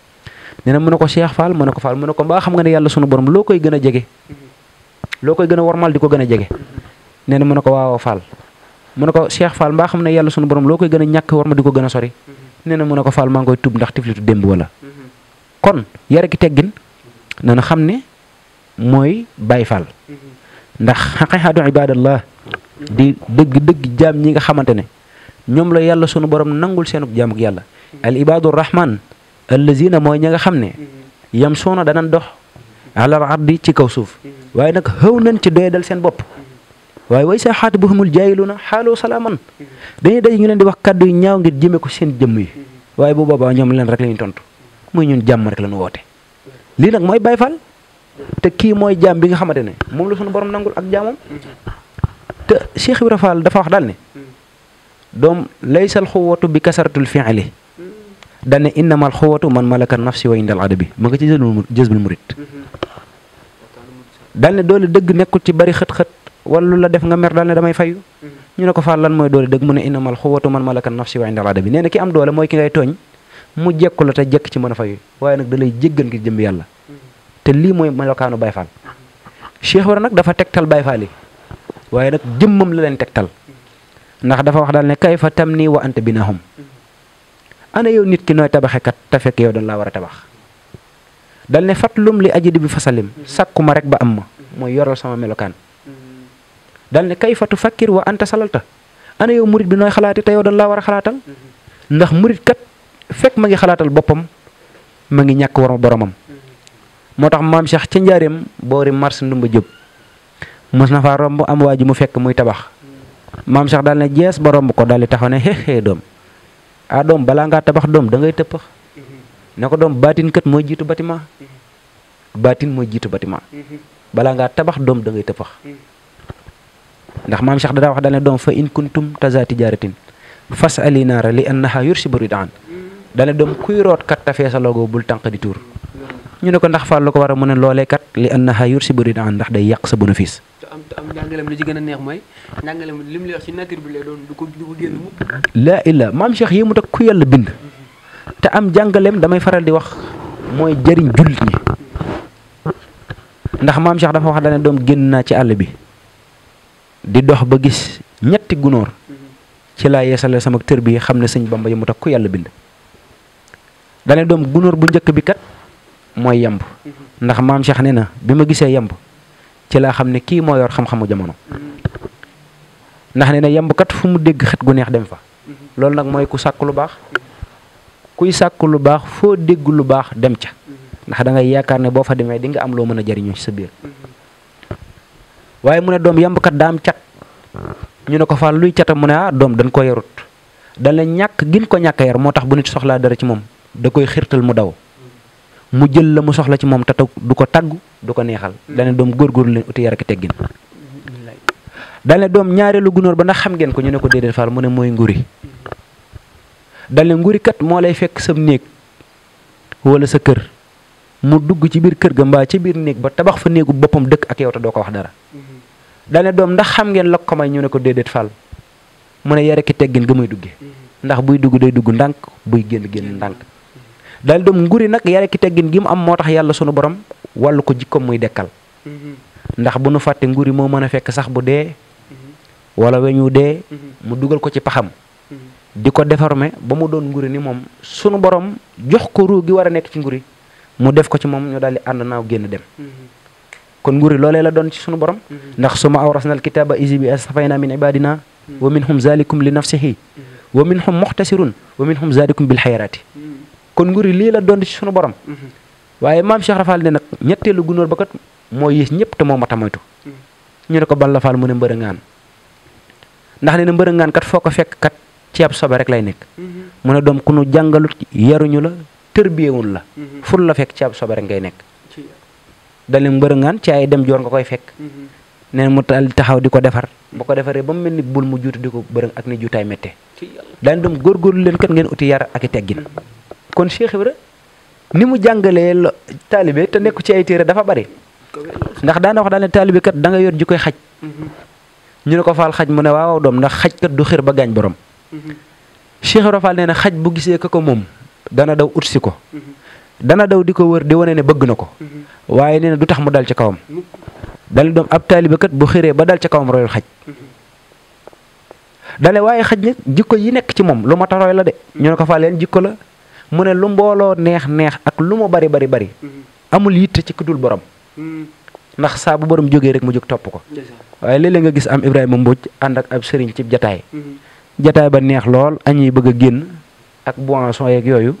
nee na mu ne ko Cheikh Fall mu ne ko faal mu ne ko mbaa xam nga ne yàlla sunu borom loo koy gën a jege loo koy gën a warmal di ko gën a jege nee na mu ne ko waaw Fall mu ne ko Cheikh Fall mbaa xam ne yàlla sunu borom loo koy gën a ñàkk warma di ko gën a sori nee na mu ko faal maa ngi koy tub ndax tiflitu démb wala kon yare ki teggin nana xam ne mooy bàyyi faal ndax xaqiqatu ibadallah di dëgg-dëgg jaam ñi nga xamante ne ñoom la yàlla sunu borom nangul seenub jaam ak yàlla al ibadu rahman allazina mooy ña nga xam ne yam suuna danan dox alal ardi ci kaw suuf waaye nag xëw nañ ci doyadal seen bopp waaye way sa xaati bu xamul jaayiluna xaaloo salaaman dañuy daj ñu leen di wax kàddu yi ñaaw ngir jëmee ko seen jëmm yi waaye bu boobaa ñoom leen rek la ñuy tontu muy ñun jàmm rek la ñu woote. lii nag mooy Baay Faal te kii mooy jaam bi nga xamante ne moom la suñu borom nangul ak jaamam te Cheikh Ibra Fall dafa wax daal ne doom laysal xuwatu bi kasaratul fi'li dane innamal xuwatu man malaka nafsi wa indal adabi ma nga ci jëzbul murit daal ne doole dëgg nekkul ci bari xët-xët wala la def nga mer daal ne damay fay mm-hmm. ñu ne ko faal lan mooy doole dëgg mu ne innamal xuwatu man ma nafsi wa inda adabi nee na ki am doole mooy ki ngay mu jekku la te jekk ci mën a waaye nag da lay jéggal ngir jëm yàlla mm-hmm. te lii mooy melokaanu Baay Faal nag dafa tegtal Baay Faal yi waaye nag jëmmam la leen tegtal mm-hmm. ndax dafa wax daal ne kay fa tam nii wa anta binahum ana yow nit ki nooy tabaxekat te fekk yow dañ laa war a tabax dal ne fatlum li ajidi bi fasalim sakkuma rek ba am ma mooy yoral sama melokaan dal ne kay fa tu wa anta salalta ana yow murit bi nooy xalaati te yow dañ laa war a xalaatal mm-hmm. ndax murit kat fekk ma ngi xalaatal boppam ma ngi ñàkk war boromam mm-hmm. moo tax maam Cheikh ca njaareem boori mars ndumba jóg mos na faa romb am waa ji mu fekk muy tabax mm-hmm. maam Cheikh daal ne jees ba romb ko daal di taxaw ne xeexee doom ah, doom balaa ngaa tabax doom da ngay tëppax doom baatin mooy jiitu bâtiment mooy jiitu bâtiment balaa ngaa tabax doom da ngay tëppax ndax maam Cheikh dadaa wax daal ne doom fa in kuntum taza tijaratin fas ali naara li annaha yursi barid an daal ne doom kuy root kat tafee bul tànq di tuur ñu ne ko ndax fàllu ko war a mën a loolee kat li annaha yursi barid an ndax day yàq sa bénéfice. te am te am njàngaleem li ci gën a neex mooy njàngaleem li mu lay wax ci nature bi lay doon ko du ku yàlla bind. te am jàngaleem damay faral di wax mooy jëriñ jullit ñi ndax maam Cheikh dafa wax daal ne doom génn naa ci àll bi. di dox ba gis ñetti gunóor ci laa yeesale sama tër bi xam ne sëñ bamba yi mu takk ku yàlla bind dane doom gunóor bu njëkk bi kat mooy yamb ndax maam Cheikh ne na bi ma gisee yamb ci laa xam ne kii moo yor xam-xamu jamono ndax ne na yamb kat fu mu dégg xet gu neex dem fa loolu nag mooy ku sàkk lu baax kuy sàkk lu baax foo dégg lu baax dem ca ndax da ngay yaakaar ne boo fa demee dinga am loo mën a jariñoo ci sa biir waaye mu ne doom yambkat daa am cat ñu ne ko faal luy catam mu ne ah doom dañ ko yarut dañ la ñàkk gin ko ñàkk yar moo tax bu nit soxlaa dara ci moom da koy xirtal mu daw mu jël la mu soxla ci moom te du ko tagg du ko neexal dane doom góorgóorlu leen uti yar teggin dane doom ñaareelu gunóor ba ndax xam ngeen ko ñu ne ko déedéet faal mu ne mooy nguri dane nguri kat moo lay fekk sam néeg wala sa kër mu dugg ci biir kër ga mbaa ci biir néeg ba tabax fa néegu boppam dëkk ak yow te doo ko wax dara mm-hmm. daane doom ndax xam ngeen la ko may ñu ne ko déedéet fal mu ne yare ki teggin ga muy dugge mm-hmm. ndax buy dugg day dugg ndànk buy génn génn ndànk daane doom nguri nag yare ki teggin gi mu am moo tax yàlla sunu borom wàllu ko jikkoom muy dekkal mm-hmm. ndax bu nu fàtte nguri moo mën a fekk sax bu dee wala weñu dee mu dugal ko ci paxam di ko déformer ba mu doon nguri ni moom sunu borom jox ko gi war a nekk ci nguri mu def ko ci moom ñu daal di ànd naaw génn dem mm-hmm. kon nguri loolee a doon ci sunu borom mm-hmm. ndax suma awrasna alkitaba izibi astafayna min ibadina mm-hmm. wa minhum zalikum li nafsihi wa minhum muxtasirun wa minhum zalikum bil xayraati kon nguri lii la doon ci sunu borom waaye maam Cheikh Rafal ne nag ñetteelu gunóor ba kat moo yées ñëpp te moo mat a moytu ñu ne ko Balla Fall mu ne mbërëngaan ndax ne na mbërëngaan kat foo ko fekk kat ci ab sobe rek tërbiyewul la mhm. fur la fekk ci ab sobe rek ngay nekk dalim mbërëngaan ci ay dem joor nga koy fekk mhm. neen mu taxaw di ko defar ba ko defaree ba mu mel ni bul mu juutu di ko bërëng ak ni juutaay métte daan dem góorgóorlu leen kat ngeen uti yar ak i na mhm. kon Cheikh Ibra ni mu jàngalee taalibe te nekk ci ay téere dafa bari ndax daana wax daal ne taalibe kat da nga yor ji koy xaj ñu ne ko faal xaj mu ne waaw doom ndax xaj kat du xër ba gaañ borom dana daw ut si ko dana daw di ko wër di wane ne bëgg na ko waaye nee na du tax mu dal ci kawam dal doom ab taalibe bu xëree ba dal ci kawam royul xaj dane waaye xaj nag jikko yi nekk ci moom lu ma taroy la de ñu ne ko faa leen jikko la mu ne lu mbooloo neex neex ak lu mu bari bari bari amul yitte ci kudul borom ndax saa bu borom jógee rek mu jóg topp ko waaye léeg nga gis am Ibrahima Mbodj ànd ak ab sëriñ ci jataay mhm. jataay ba neex lool añuy bëgg a génn ak boisson yeeg yooyu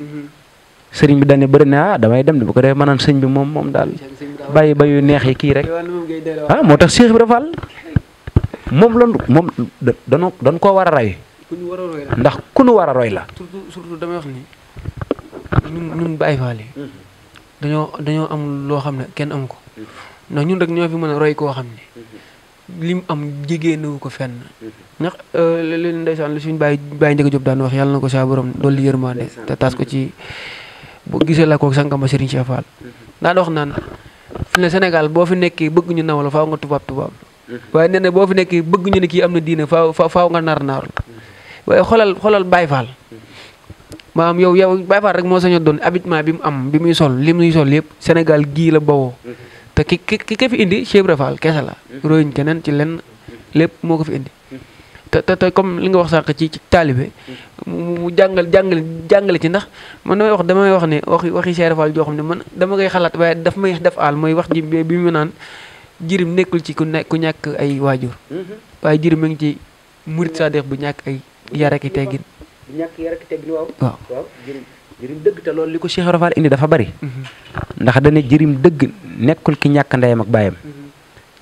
sëriñ bi dañ ne bëri na ah damay dem bu ko defee ma naan sëñ bi moom moom daal bàyyi ba yu neex yi kii rek ah moo tax Cheikh Ibra Fall moom lan moom dañoo dañ koo war a roy ndax ku nu war a roy la. surtout surtout damay wax ni ñun ñun Baay Faal yi dañoo dañoo am loo xam ne kenn am ko ndax ñun rek ñoo fi mën a roy koo xam ne. lim am jigéenewu ko fenn. Mm-hmm. ndax euh, leen ndeysaan lu suñ bàyyi bàyyi njëkk Jóob daan wax yàlla na ko saa borom dolli yërmande te taas ko ci bu gisee la ko sànqama Serigne Cheikh Fall. Mm-hmm. daan wax naan fi ne senegal boo fi nekkee bëgg ñu naw la faaw nga tubaab tubaab. Mm-hmm. waaye boo fi nekkee bëgg ne kii am na diine faaw faaw nga nar naar waaye xolal xoolal Baye Fall. maam yow yow Baye Fall rek moo sañoon doon habillement bi mu am bi muy sol li muy sol yépp Sénégal gii la bawoo. te ki ki ki fi indi Cheikh Ibra Fall keese la mm-hmm. royuñ keneen ci lenn lépp moo ko fi indi mm-hmm. te te comme li nga wax sànq ci ci taalibe mm-hmm. mu jàngal jàngale jàngale ci ndax man damay wax damay wax ne waxi waxi Cheikh joo xam ne mën dama koy xalaat waaye daf may def aal mooy wax ji bi mu naan jirim nekkul ci ku ne ñàkk ay waajur waaye jirim mi ngi ci murit sadeex bu ñàkk ay yar teggin jërim dëgg te loolu li ko Cheikh Rafal indi dafa bari ndax jërim dëgg nekkul ki ñàkk ndeyam ak baayam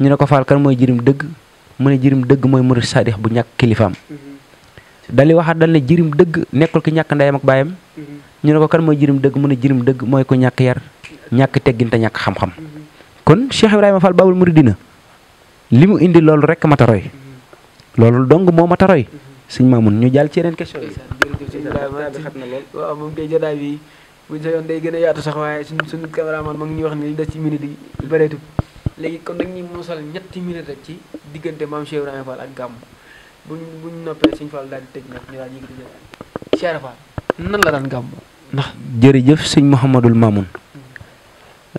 ñu ne ko faal kan mooy jërim dëgg mu ne jërim dëgg mooy murid sadix bu ñàkk kilifaam dali waxaat dal ne jirim dëgg nekkul ki ñàkk ndeyam ak baayam ñu ne ko kan mooy jërim dëgg mu ne jërim dëgg mooy ko ñàkk yar ñàkk teggin ñàkk xam-xam kon Cheikh Ibrahima Fall Baabul dina li mu indi loolu rek ma loolu dong moo ma suñ maamun ñu jàll ci yeneen question yi. waaw moom kay jotaay bi buñ sa yoon day gën a yaatu sax waaye suñ suñu cameraman mu ngi ñuy wax ni li des ci minute yi bëreetul léegi kon nag ñuy mosal ñetti minute rek ci diggante maam Cheikh Ibrahima Fall ak gàmm buñ buñ noppee suñ Fall daal di tëj nag ñu daan gàmm ndax jërëjëf sëñ Mouhamadul Mamoun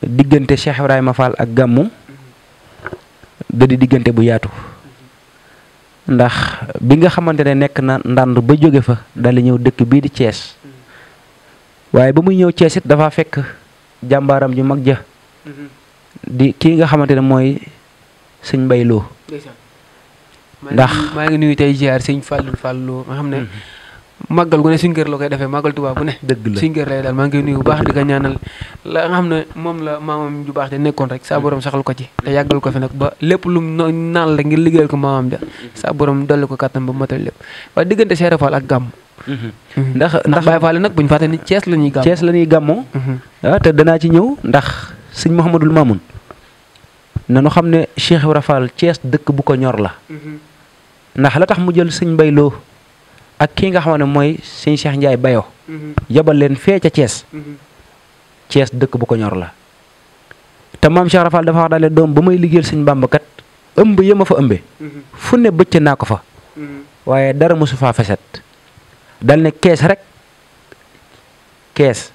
diggante Cheikh Ibrahima Fall ak gàmm da diggante bu yaatu ndax bi nga xamante ne nekk na ndànd ba jóge fa dali ñëw dëkk bii di cees waaye ba muy ñëw ceesit dafa fekk jàmbaaram ju mag ja mm-hmm. di kii nga xamante ne mooy sëñ Mbaye Lo ndax maa ngi nuyu tey ziar màggal gu ne suñ kër la koy defee màggal Tuubaa bu ne. dëgg la suñ daal maa ngi nuyu bu baax di ko ñaanal la nga xam ne moom la maamam ju baax de nekkoon rek saa borom saxal ko ci. te yàggal ko fi nag ba lépp lu mu naan rek ngir liggéeyal ko maamam ja saa dolli ko kàttan ba matal lépp waaye diggante Cheikh Fall ak gàmm. Mhm. Mhm. ndax ndax Baye Fall nag bu ñu fàtte ni Thiès la ñuy gàmm. Thiès la ñuy gàmmoo. Mhm. ah te danaa ci ñëw ndax sëñ Mouhamadul Mamoun. nanu xam ne Cheikh Ibra Fall Thiès dëkk bu ko ñor la. ndax la mu jël sëñ Mbaye Lo ak kii nga xam ne mooy sëñ Cheikh Ndiaye Bayo. Mhm. yabal leen fee ca cees mhm. Thiès dëkk bu ko ñor la. te maam Cheikh Rafal dafa wax daal doom ba may liggéey sëñ Bàmba kat ëmb yema fa ëmbe mhm. fu ne bëcc naa ko fa. waaye dara mësu faa feset. dal ne kees rek kees.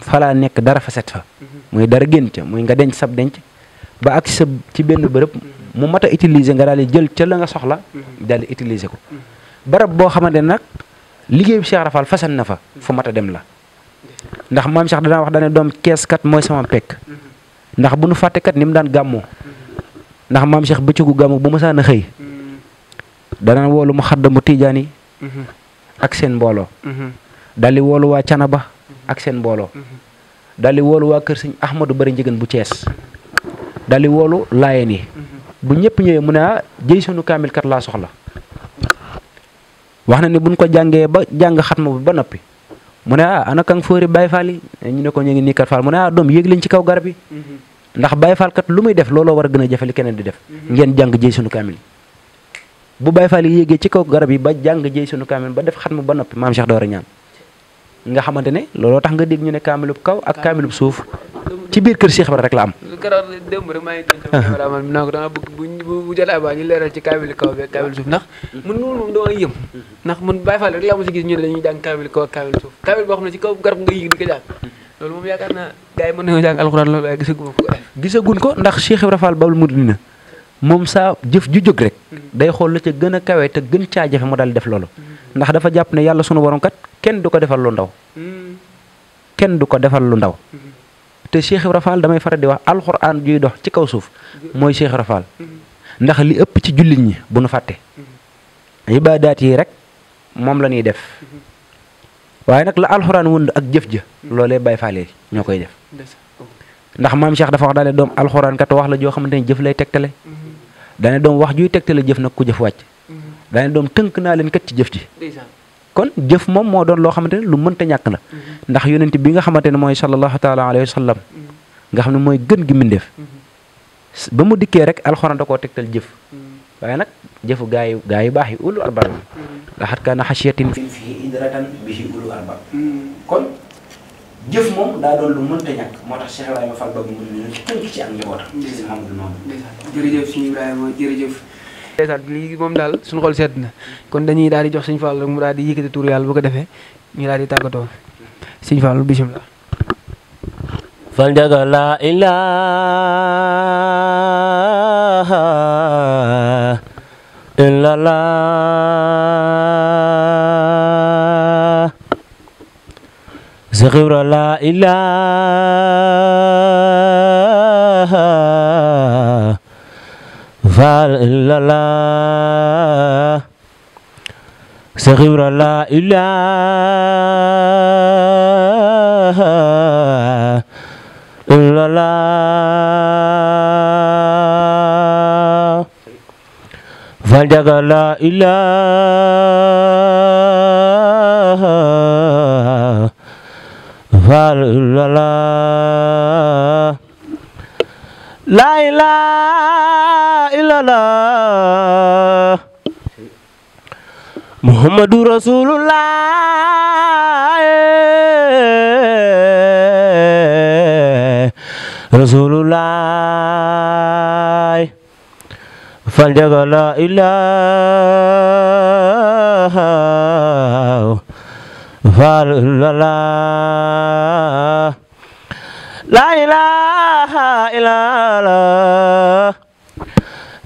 fa nekk dara feset fa. muy dara génn ca muy nga denc sab denc. ba ak sa ci benn bërëb mu mat a utiliser nga daal jël ca la nga soxla. daal di ko. barab boo xamante nag liggéey bi Cheikh Rafal fasan na fa fu mat a dem la ndax maam Cheikh danaa wax dane doom kees kat mooy sama pekk ndax bu nu fàtte kat ni mu daan gàmmoo ndax maam Cheikh bëccëgu gàmmu bu masaan a xëy danaan woolu mu xaddamu tiijaani ak seen mbooloo daldi woolu waa canaba ak seen mbooloo daldi woolu waa kër sëñ Bari Njëgën bu Cees daldi woolu laayeen yi bu ñëpp ñëwee mu ne ah jëy sunu kaamil kat laa soxla wax na ni buñ ko jàngee ba jàng xatma bi ba noppi mu ne ah ana kang fóori Baye Fall yi eh, ñu ne ko ñu ngi nii kat Fall mu ne ah doom yéeg leen ci kaw garab yi mhm. ndax Baye Fall kat lu muy def looloo war a gën a jafe li keneen di def mhm. ngeen jàng jëy sunu kaamil bu Baye Fall yi yéegee ci kaw garab yi ba jàng jëy sunu kaamil ba def xat xatma ba noppi maam Cheikh door a ñaan nga xamante ne looloo tax nga dégg ñu ne kaamilub kaw ak kaamilub suuf ci biir kër Cheikh Ibra rek la am. keroog démb rek maa ngi doon sama caméraman bi naa ko danga bëgg bu bu jot abaa ñu leeral ci kaamil kaw bi ak kaamil suuf ndax mun loolu moom dama yëm ndax man Baye Fall rek laa mos a gis ñu ne dañuy jàng kaamil kaw ak kaamil suuf kaamil boo xam ne ci kaw garab nga yéeg di ko jàng loolu moom yaakaar ko ndax ko ndax Cheikh mu Fall Baabul Muridiina moom saa jëf ju jóg rek day xool la ca gën a kawe te gën caa jafe mu daal def loolu ndax dafa jàpp ne yàlla sunu borom kat kenn du defal lu ndaw hmm. kenn du ko defal lu ndaw hmm. te Cheikh Ibra damay faral di wax alxuraan juy dox ci kaw suuf mooy Cheikh Ibra ndax li ëpp ci jullit ñi bu nu fàtte ibaadaat yi rek moom la ñuy def waaye nag la alxuraan wund ak jëf ja loolee Baay Faal yi ñoo koy def ndax maam Cheikh dafa wax daal doom alxuraan kat wax la joo xamante ne jëf lay tegtale mhm. daane doom wax juy tegtale jëf nag ku jëf wàcc mhm. daane doom tënk naa leen kat ci jëf ji kon jëf moom moo doon loo xamante ne lu mënta ñàkk la mm-hmm. ndax yonent bi nga xamante ne mooy sallallahu taala alayhi wa sallam mm-hmm. nga xam ne mooy gën gi mbindeef mm-hmm. ba mu dikkee rek alxuraan da koo tegtal jëf waaye nag jëfu gaa yi gaa yi baax yi ulu albar laxat kaana xasiyatin fii idratan bihi ulu albar kon jëf moom daa doon lu mënta ñàkk moo tax Cheikh Ibrahima Fall bëgg mu tënk ci ak njabootam. jërëjëf Mamadou Mamadou. jërëjëf suñu Ibrahima ndeysaan lii moom daal suñu xol sedd na kon dañuy daal di jox Sëñ Fall mu daal di yëkkati tur yàlla bu ko defee ñu daal di tàggatoo Sëñ Fall fal njaga laa ilaaha illallah Seex Ibra laa ilaaha faal illa laa Seex faal jaga faal illa laa laa لا محمد رسول الله رسول الله فلجأ لا إله فلا لا إله إلا الله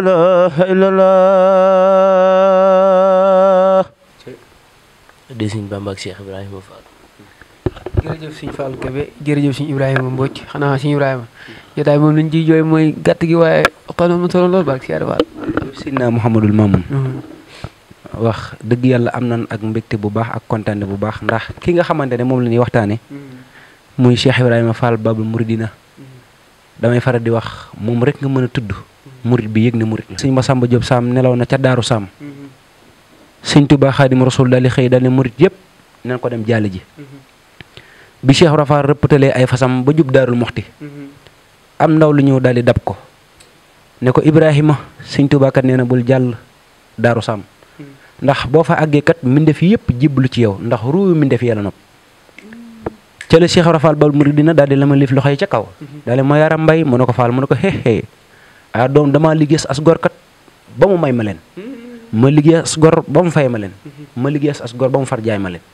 ilaha illallah di Sëñ Bamba ak Cheikh Ibrahima Fall jërëjëf xanaa Sëñ Ibrahima jotaay moom lañ ciy jooy mooy gàtt gi waaye xol ma solo lool mm-hmm. wax dëgg yàlla am nañ ak mbégte bu baax ak kontaane bu baax ndax ki nga xamante ne moom la ñuy waxtaane mm-hmm. muy Cheikh Ibrahima Fall Babul Mouridina mm-hmm. damay faral di wax moom rek nga mën a tudd murit bi yëg ne murit la sëñ Masamba Diop Sam nelaw na ca Daaru Sam sëñ Tuubaa Xaadim Rasul daal di xëy daal ne murit yëpp nañ ko dem jaale ji bi Cheikh Rafa rëppatalee ay fasam ba jub Daarul Moxti am ndaw lu ñëw daal di dab ko ne ko Ibrahima sëñ Tuubaa kat nee na bul jàll Daaru Sam ndax boo fa àggee kat mbindeef yëpp jiblu ci yow ndax ruu mbindeef yàlla nopp ca la Cheikh Rafal Bal Muridina daal di la loxo yi ca kaw. daal di ma yaram mbay ah doom damaa liggéey as kat ba mu may ma leen ma liggéey as gor ba mu fay ma leen ma liggéey as gor ba mu far jaay ma leen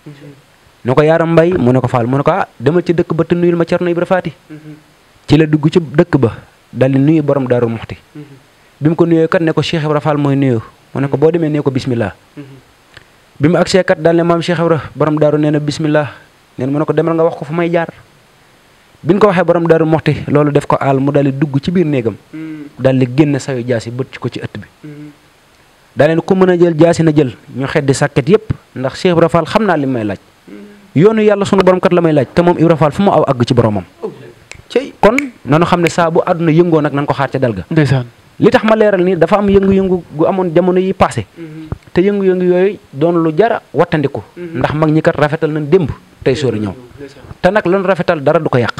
ne ko yaaram mbay mu ne ko faal mu ne ko ah demal ci dëkk ba te nuyul ma Cerno Ibra Faati ci la dugg ci dëkk ba dal di nuyu borom Daaru Muxti bi mu ko nuyoo kat ne ko Cheikh Ibra Faal mooy nuyoo mu ne ko boo demee nee ko bismillah bi mu agsee kat daal ne maam Cheikh Ibra borom daaru nee na bismillah neen mu ne ko bi biñ ko waxee borom dara moxti loolu def ko aal mu daal dugg ci biir néegam mm. dal di génne sayu jaasi bët ci ko ci ëtt bi mm. daa leen ku mën a jël jaasi na jël ñu xeddi sàkket yépp ndax Cheikh rafal xam naa li may laaj mm. yoonu yàlla sunu borom kat la may laaj te moom Ibra Fall fu mu aw àgg ci boromam oh. kon nanu xam ne saabu àdduna yëngoo nag nan ko xaar ca dal ga ndeysaan li tax ma leeral nii dafa am yëngu-yëngu gu amoon jamono yi passé mm-hmm. te yëngu-yëngu yooyu doon lu jara wattandiku mm-hmm. ndax mag ñi kat rafetal nañ démb tey sóori ñëw te nag loolu rafetal dara du ko yàq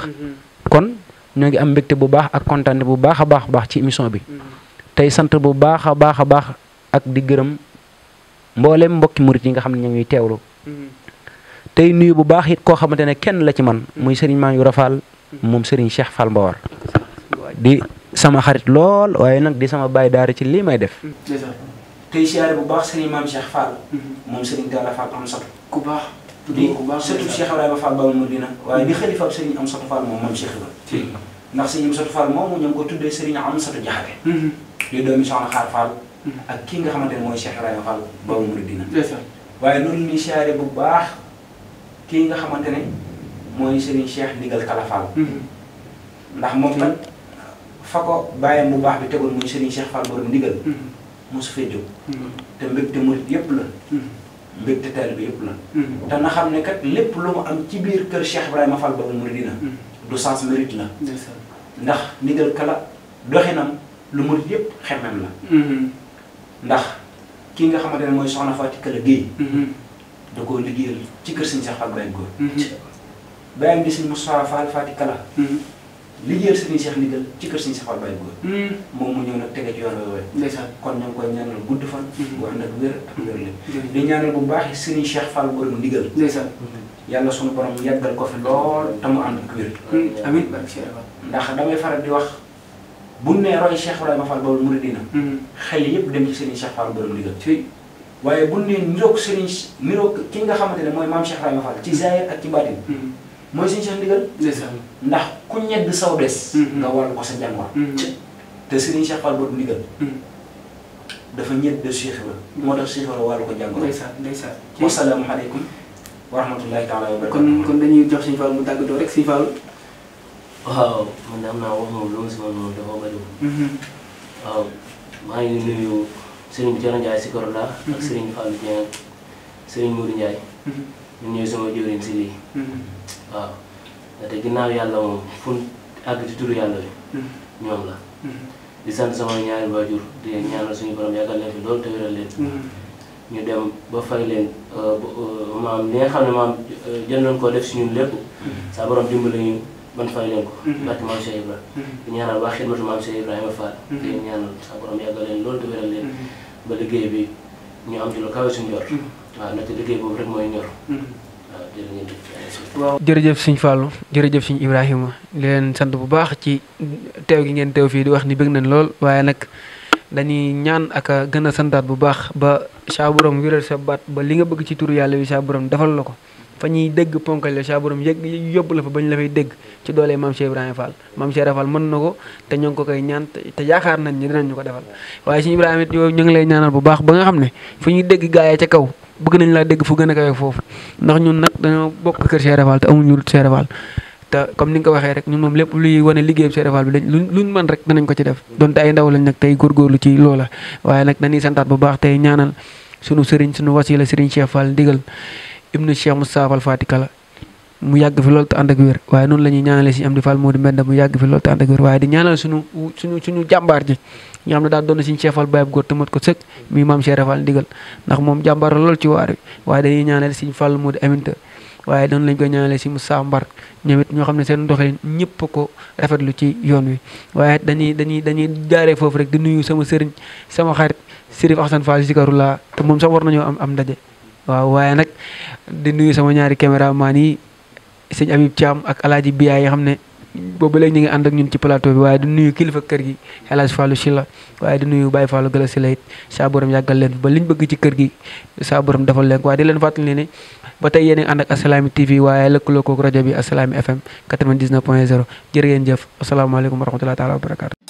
kon ñoo ngi am mbégte bu baax ak kontaan bu baax a baax baax ci émission bi tey sant bu baax a baax a baax ak di gërëm mboolem mbokki murit yi nga xam ne ñu ngi teewlu tey nuyu bu baax it koo xamante ne kenn la ci man muy sëriñ Serigne Manioura Fall moom sëriñ Cheikh Fall Mbawar di sama xarit lool waaye nag di sama bàyyi daara ci lii may def. tey siyaare bu baax Serigne Mame Cheikh Fall. moom Serigne Talla Fall am solo di sëtu Cheikh Ibrahima Fall Babal Mouridina mm-hmm. waaye di xalifa ak Serigne Amsatou Fall moom moom Cheikh Ibrahima ndax Serigne Amsatou Fall moomu ñoo ngi ko tuddee Serigne Amsatou Jaxate mm-hmm. di doomi mm-hmm. ak kii nga xamante ne mooy Cheikh Ibrahima Fall Babal Mouridina waaye noonu ñuy siyaare bu baax kii nga xamante ne mooy Serigne Cheikh Ndigal Kala Fall ndax moom nag fa ko bàyyam bu baax bi tegoon muy Serigne Cheikh Fall borom Ndigal mosu fee jóg te mbégte murit yépp la mbégte taalibe bi yëpp la. Hmm. te na xam ne kat lépp lu mu am ci biir kër Cheikh Ibrahima Fall Babou Mouridina. Hmm. du sens mérite la. ndax ndigal kala doxinam lu murid yëpp xemem la. Hmm. ndax kii nga xamante ne mooy soxna Fatou Kala Guèye. da koo liggéeyal ci kër Sëñ Cheikh Fall Baye Góor. baayam di Sëñ Moustapha Fall Fatou Kala. liggéeyal sëriñ Cheikh ndigal ci kër sëriñ Cheikh Fall Baye hmm. moom mu ñëw nag tege ci yoon woowu ndeysaan kon ñu ngi koy ñaanal gudd fan bu hmm. ànd ak wér wér di ñaanal bu baax sëriñ Cheikh Fall borom ndigal ndeysaan hmm. yàlla suñu borom yàggal ko fi lool te mu ànd ak wér ndax damay faral di wax bu ne roy Cheikh Ibrahima Fall borom muridina xel yëpp dem ci sëriñ Cheikh Fall borom ndigal waaye bu ne niroog sëriñ niroog ki nga xamante ne mooy maam Cheikh Ibrahima Fall ci zaahir ak ci baatin mooy suñu seex ndigal. ndax ku ñedd saw des. Mm-hmm. nga wàllu ko sa jàngor. Mm-hmm. te Serigne Cheikh Fall boobu ndigal. Mm-hmm. dafa ñedd Cheikh la. moo tax Cheikh la wàllu ko jàngor. ndeysaan ndeysaan. wasalaamualeykum wa rahmatulahi taala wa barakatu. kon kon dañuy jox Serigne Fall mu tàggatoo rek Serigne Fall. waaw man am naa wax moom lu si man moom dafa bëri. waaw maa ngi nuyu Serigne Thierno Ndiaye Sikor la. ak Serigne Fall Dieng ak Serigne Modou Ndiaye. ñun ñooy sama jëwriñ si lii. waaw te ginnaaw yàlla moom fu àgg ci turu yàlla bi hmm. ñoom la hmm. di sant sama ñaari waajur di ñaanal suñu borom yàggal leen hmm. ñu dem ba fay leen euh, euh, maam li nga xam ne maam euh, jël nañ koo def si ñun lépp saa borom dimbali ñu man fay leen ko barke maam Cheikh Ibrahima di ñaanal waa xidmatu maam Cheikh Ibrahima Fall di ñaanal saa yàggal leen loolu te wéral leen ba liggéey bi ñu am ci lu kawe suñu waaw ndaxte liggéey boobu rek mooy ñor waaw jërëjëf sëñ Fallou jërëjëf sëñ Ibrahima di leen sant bu baax ci teew gi ngeen teew fii di wax ni bëgg nañ lool waaye nag dañuy ñaan ak a gën a santaat bu baax ba saa borom wéral sa baat ba li nga bëgg ci turu yàlla bi saa borom defal la ko fa ñuy dégg ponkal la saa borom yëg yóbbu la fa bañ la fay dëgg ci doolee maam Cheikh Ibrahima Fall maam Cheikh mën na ko te ñoo ngi ko koy ñaan te yaakaar nañ ni dinañ ñu ko defal waaye sëñ Ibrahima it ñu ngi lay ñaanal bu baax ba nga xam ne fu ñuy dégg gaayee ca kaw bëgg nañ laa dégg fu gën a foofu ndax ñun nag dañoo bokk kër Cheikh Fall te amuñu lu Cheikh Fall te comme ni nga ko waxee rek ñun moom lépp luy wane liggéey Cheikh Fall bi dañ luñ rek danañ ko ci def donte ay ndaw lañ nag tey góorgóorlu ci loola waaye nag dañuy santaat bu baax tey ñaanal sunu sëriñ sunu wasila sëriñ Cheikh Fall ndigal ibnu Cheikh Moustapha Fall Fatika la mu yàgg fi loolu te ànd ak wér waaye noonu la ñuy si am di Fall moo di mbedd mu yàgg fi loolu te ànd ak wér waaye di ñaanal sunu suñu suñu jàmbaar ji ñu xam ne daal doon suñu ceefal baay bu góor ko sëkk mi maam Cheikh Fall ndigal ndax moom jàmbaar lool ci waar wi waaye dañuy ñaanal suñu fàll mu waaye doon lañ ko ñaanale si Moussa Mbar ñoom it ñoo xam ne seen doxalin ñëpp ko rafetlu ci yoon wi waaye dañuy dañuy dañuy jaaree foofu rek di nuyu sama sëriñ sama xarit Sérif Axsan Fall laa te moom sax war nañoo am am ndaje waaw waaye nag di nuyu sama ñaari caméraman yi sëñ Habib Thiam ak alaaji Biya yi xam ne boobu léegi ñu ngi ànd ak ñun ci plateau bi waaye di nuyu kilifa kër gi El Hadj Fallou Sylla waaye di nuyu Baye Fallou Gala Sylla it yàggal leen ba liñ bëgg ci kër gi saa borom defal leen ko waaye di leen fàttali ne ba tey yéen a ngi ànd ak Assalaamy TV waaye lëkkaloo koog rajo bi Assalaamy FM 99 point 0 jërë ngeen jëf asalaamaaleykum wa rahmatulah taalaa wa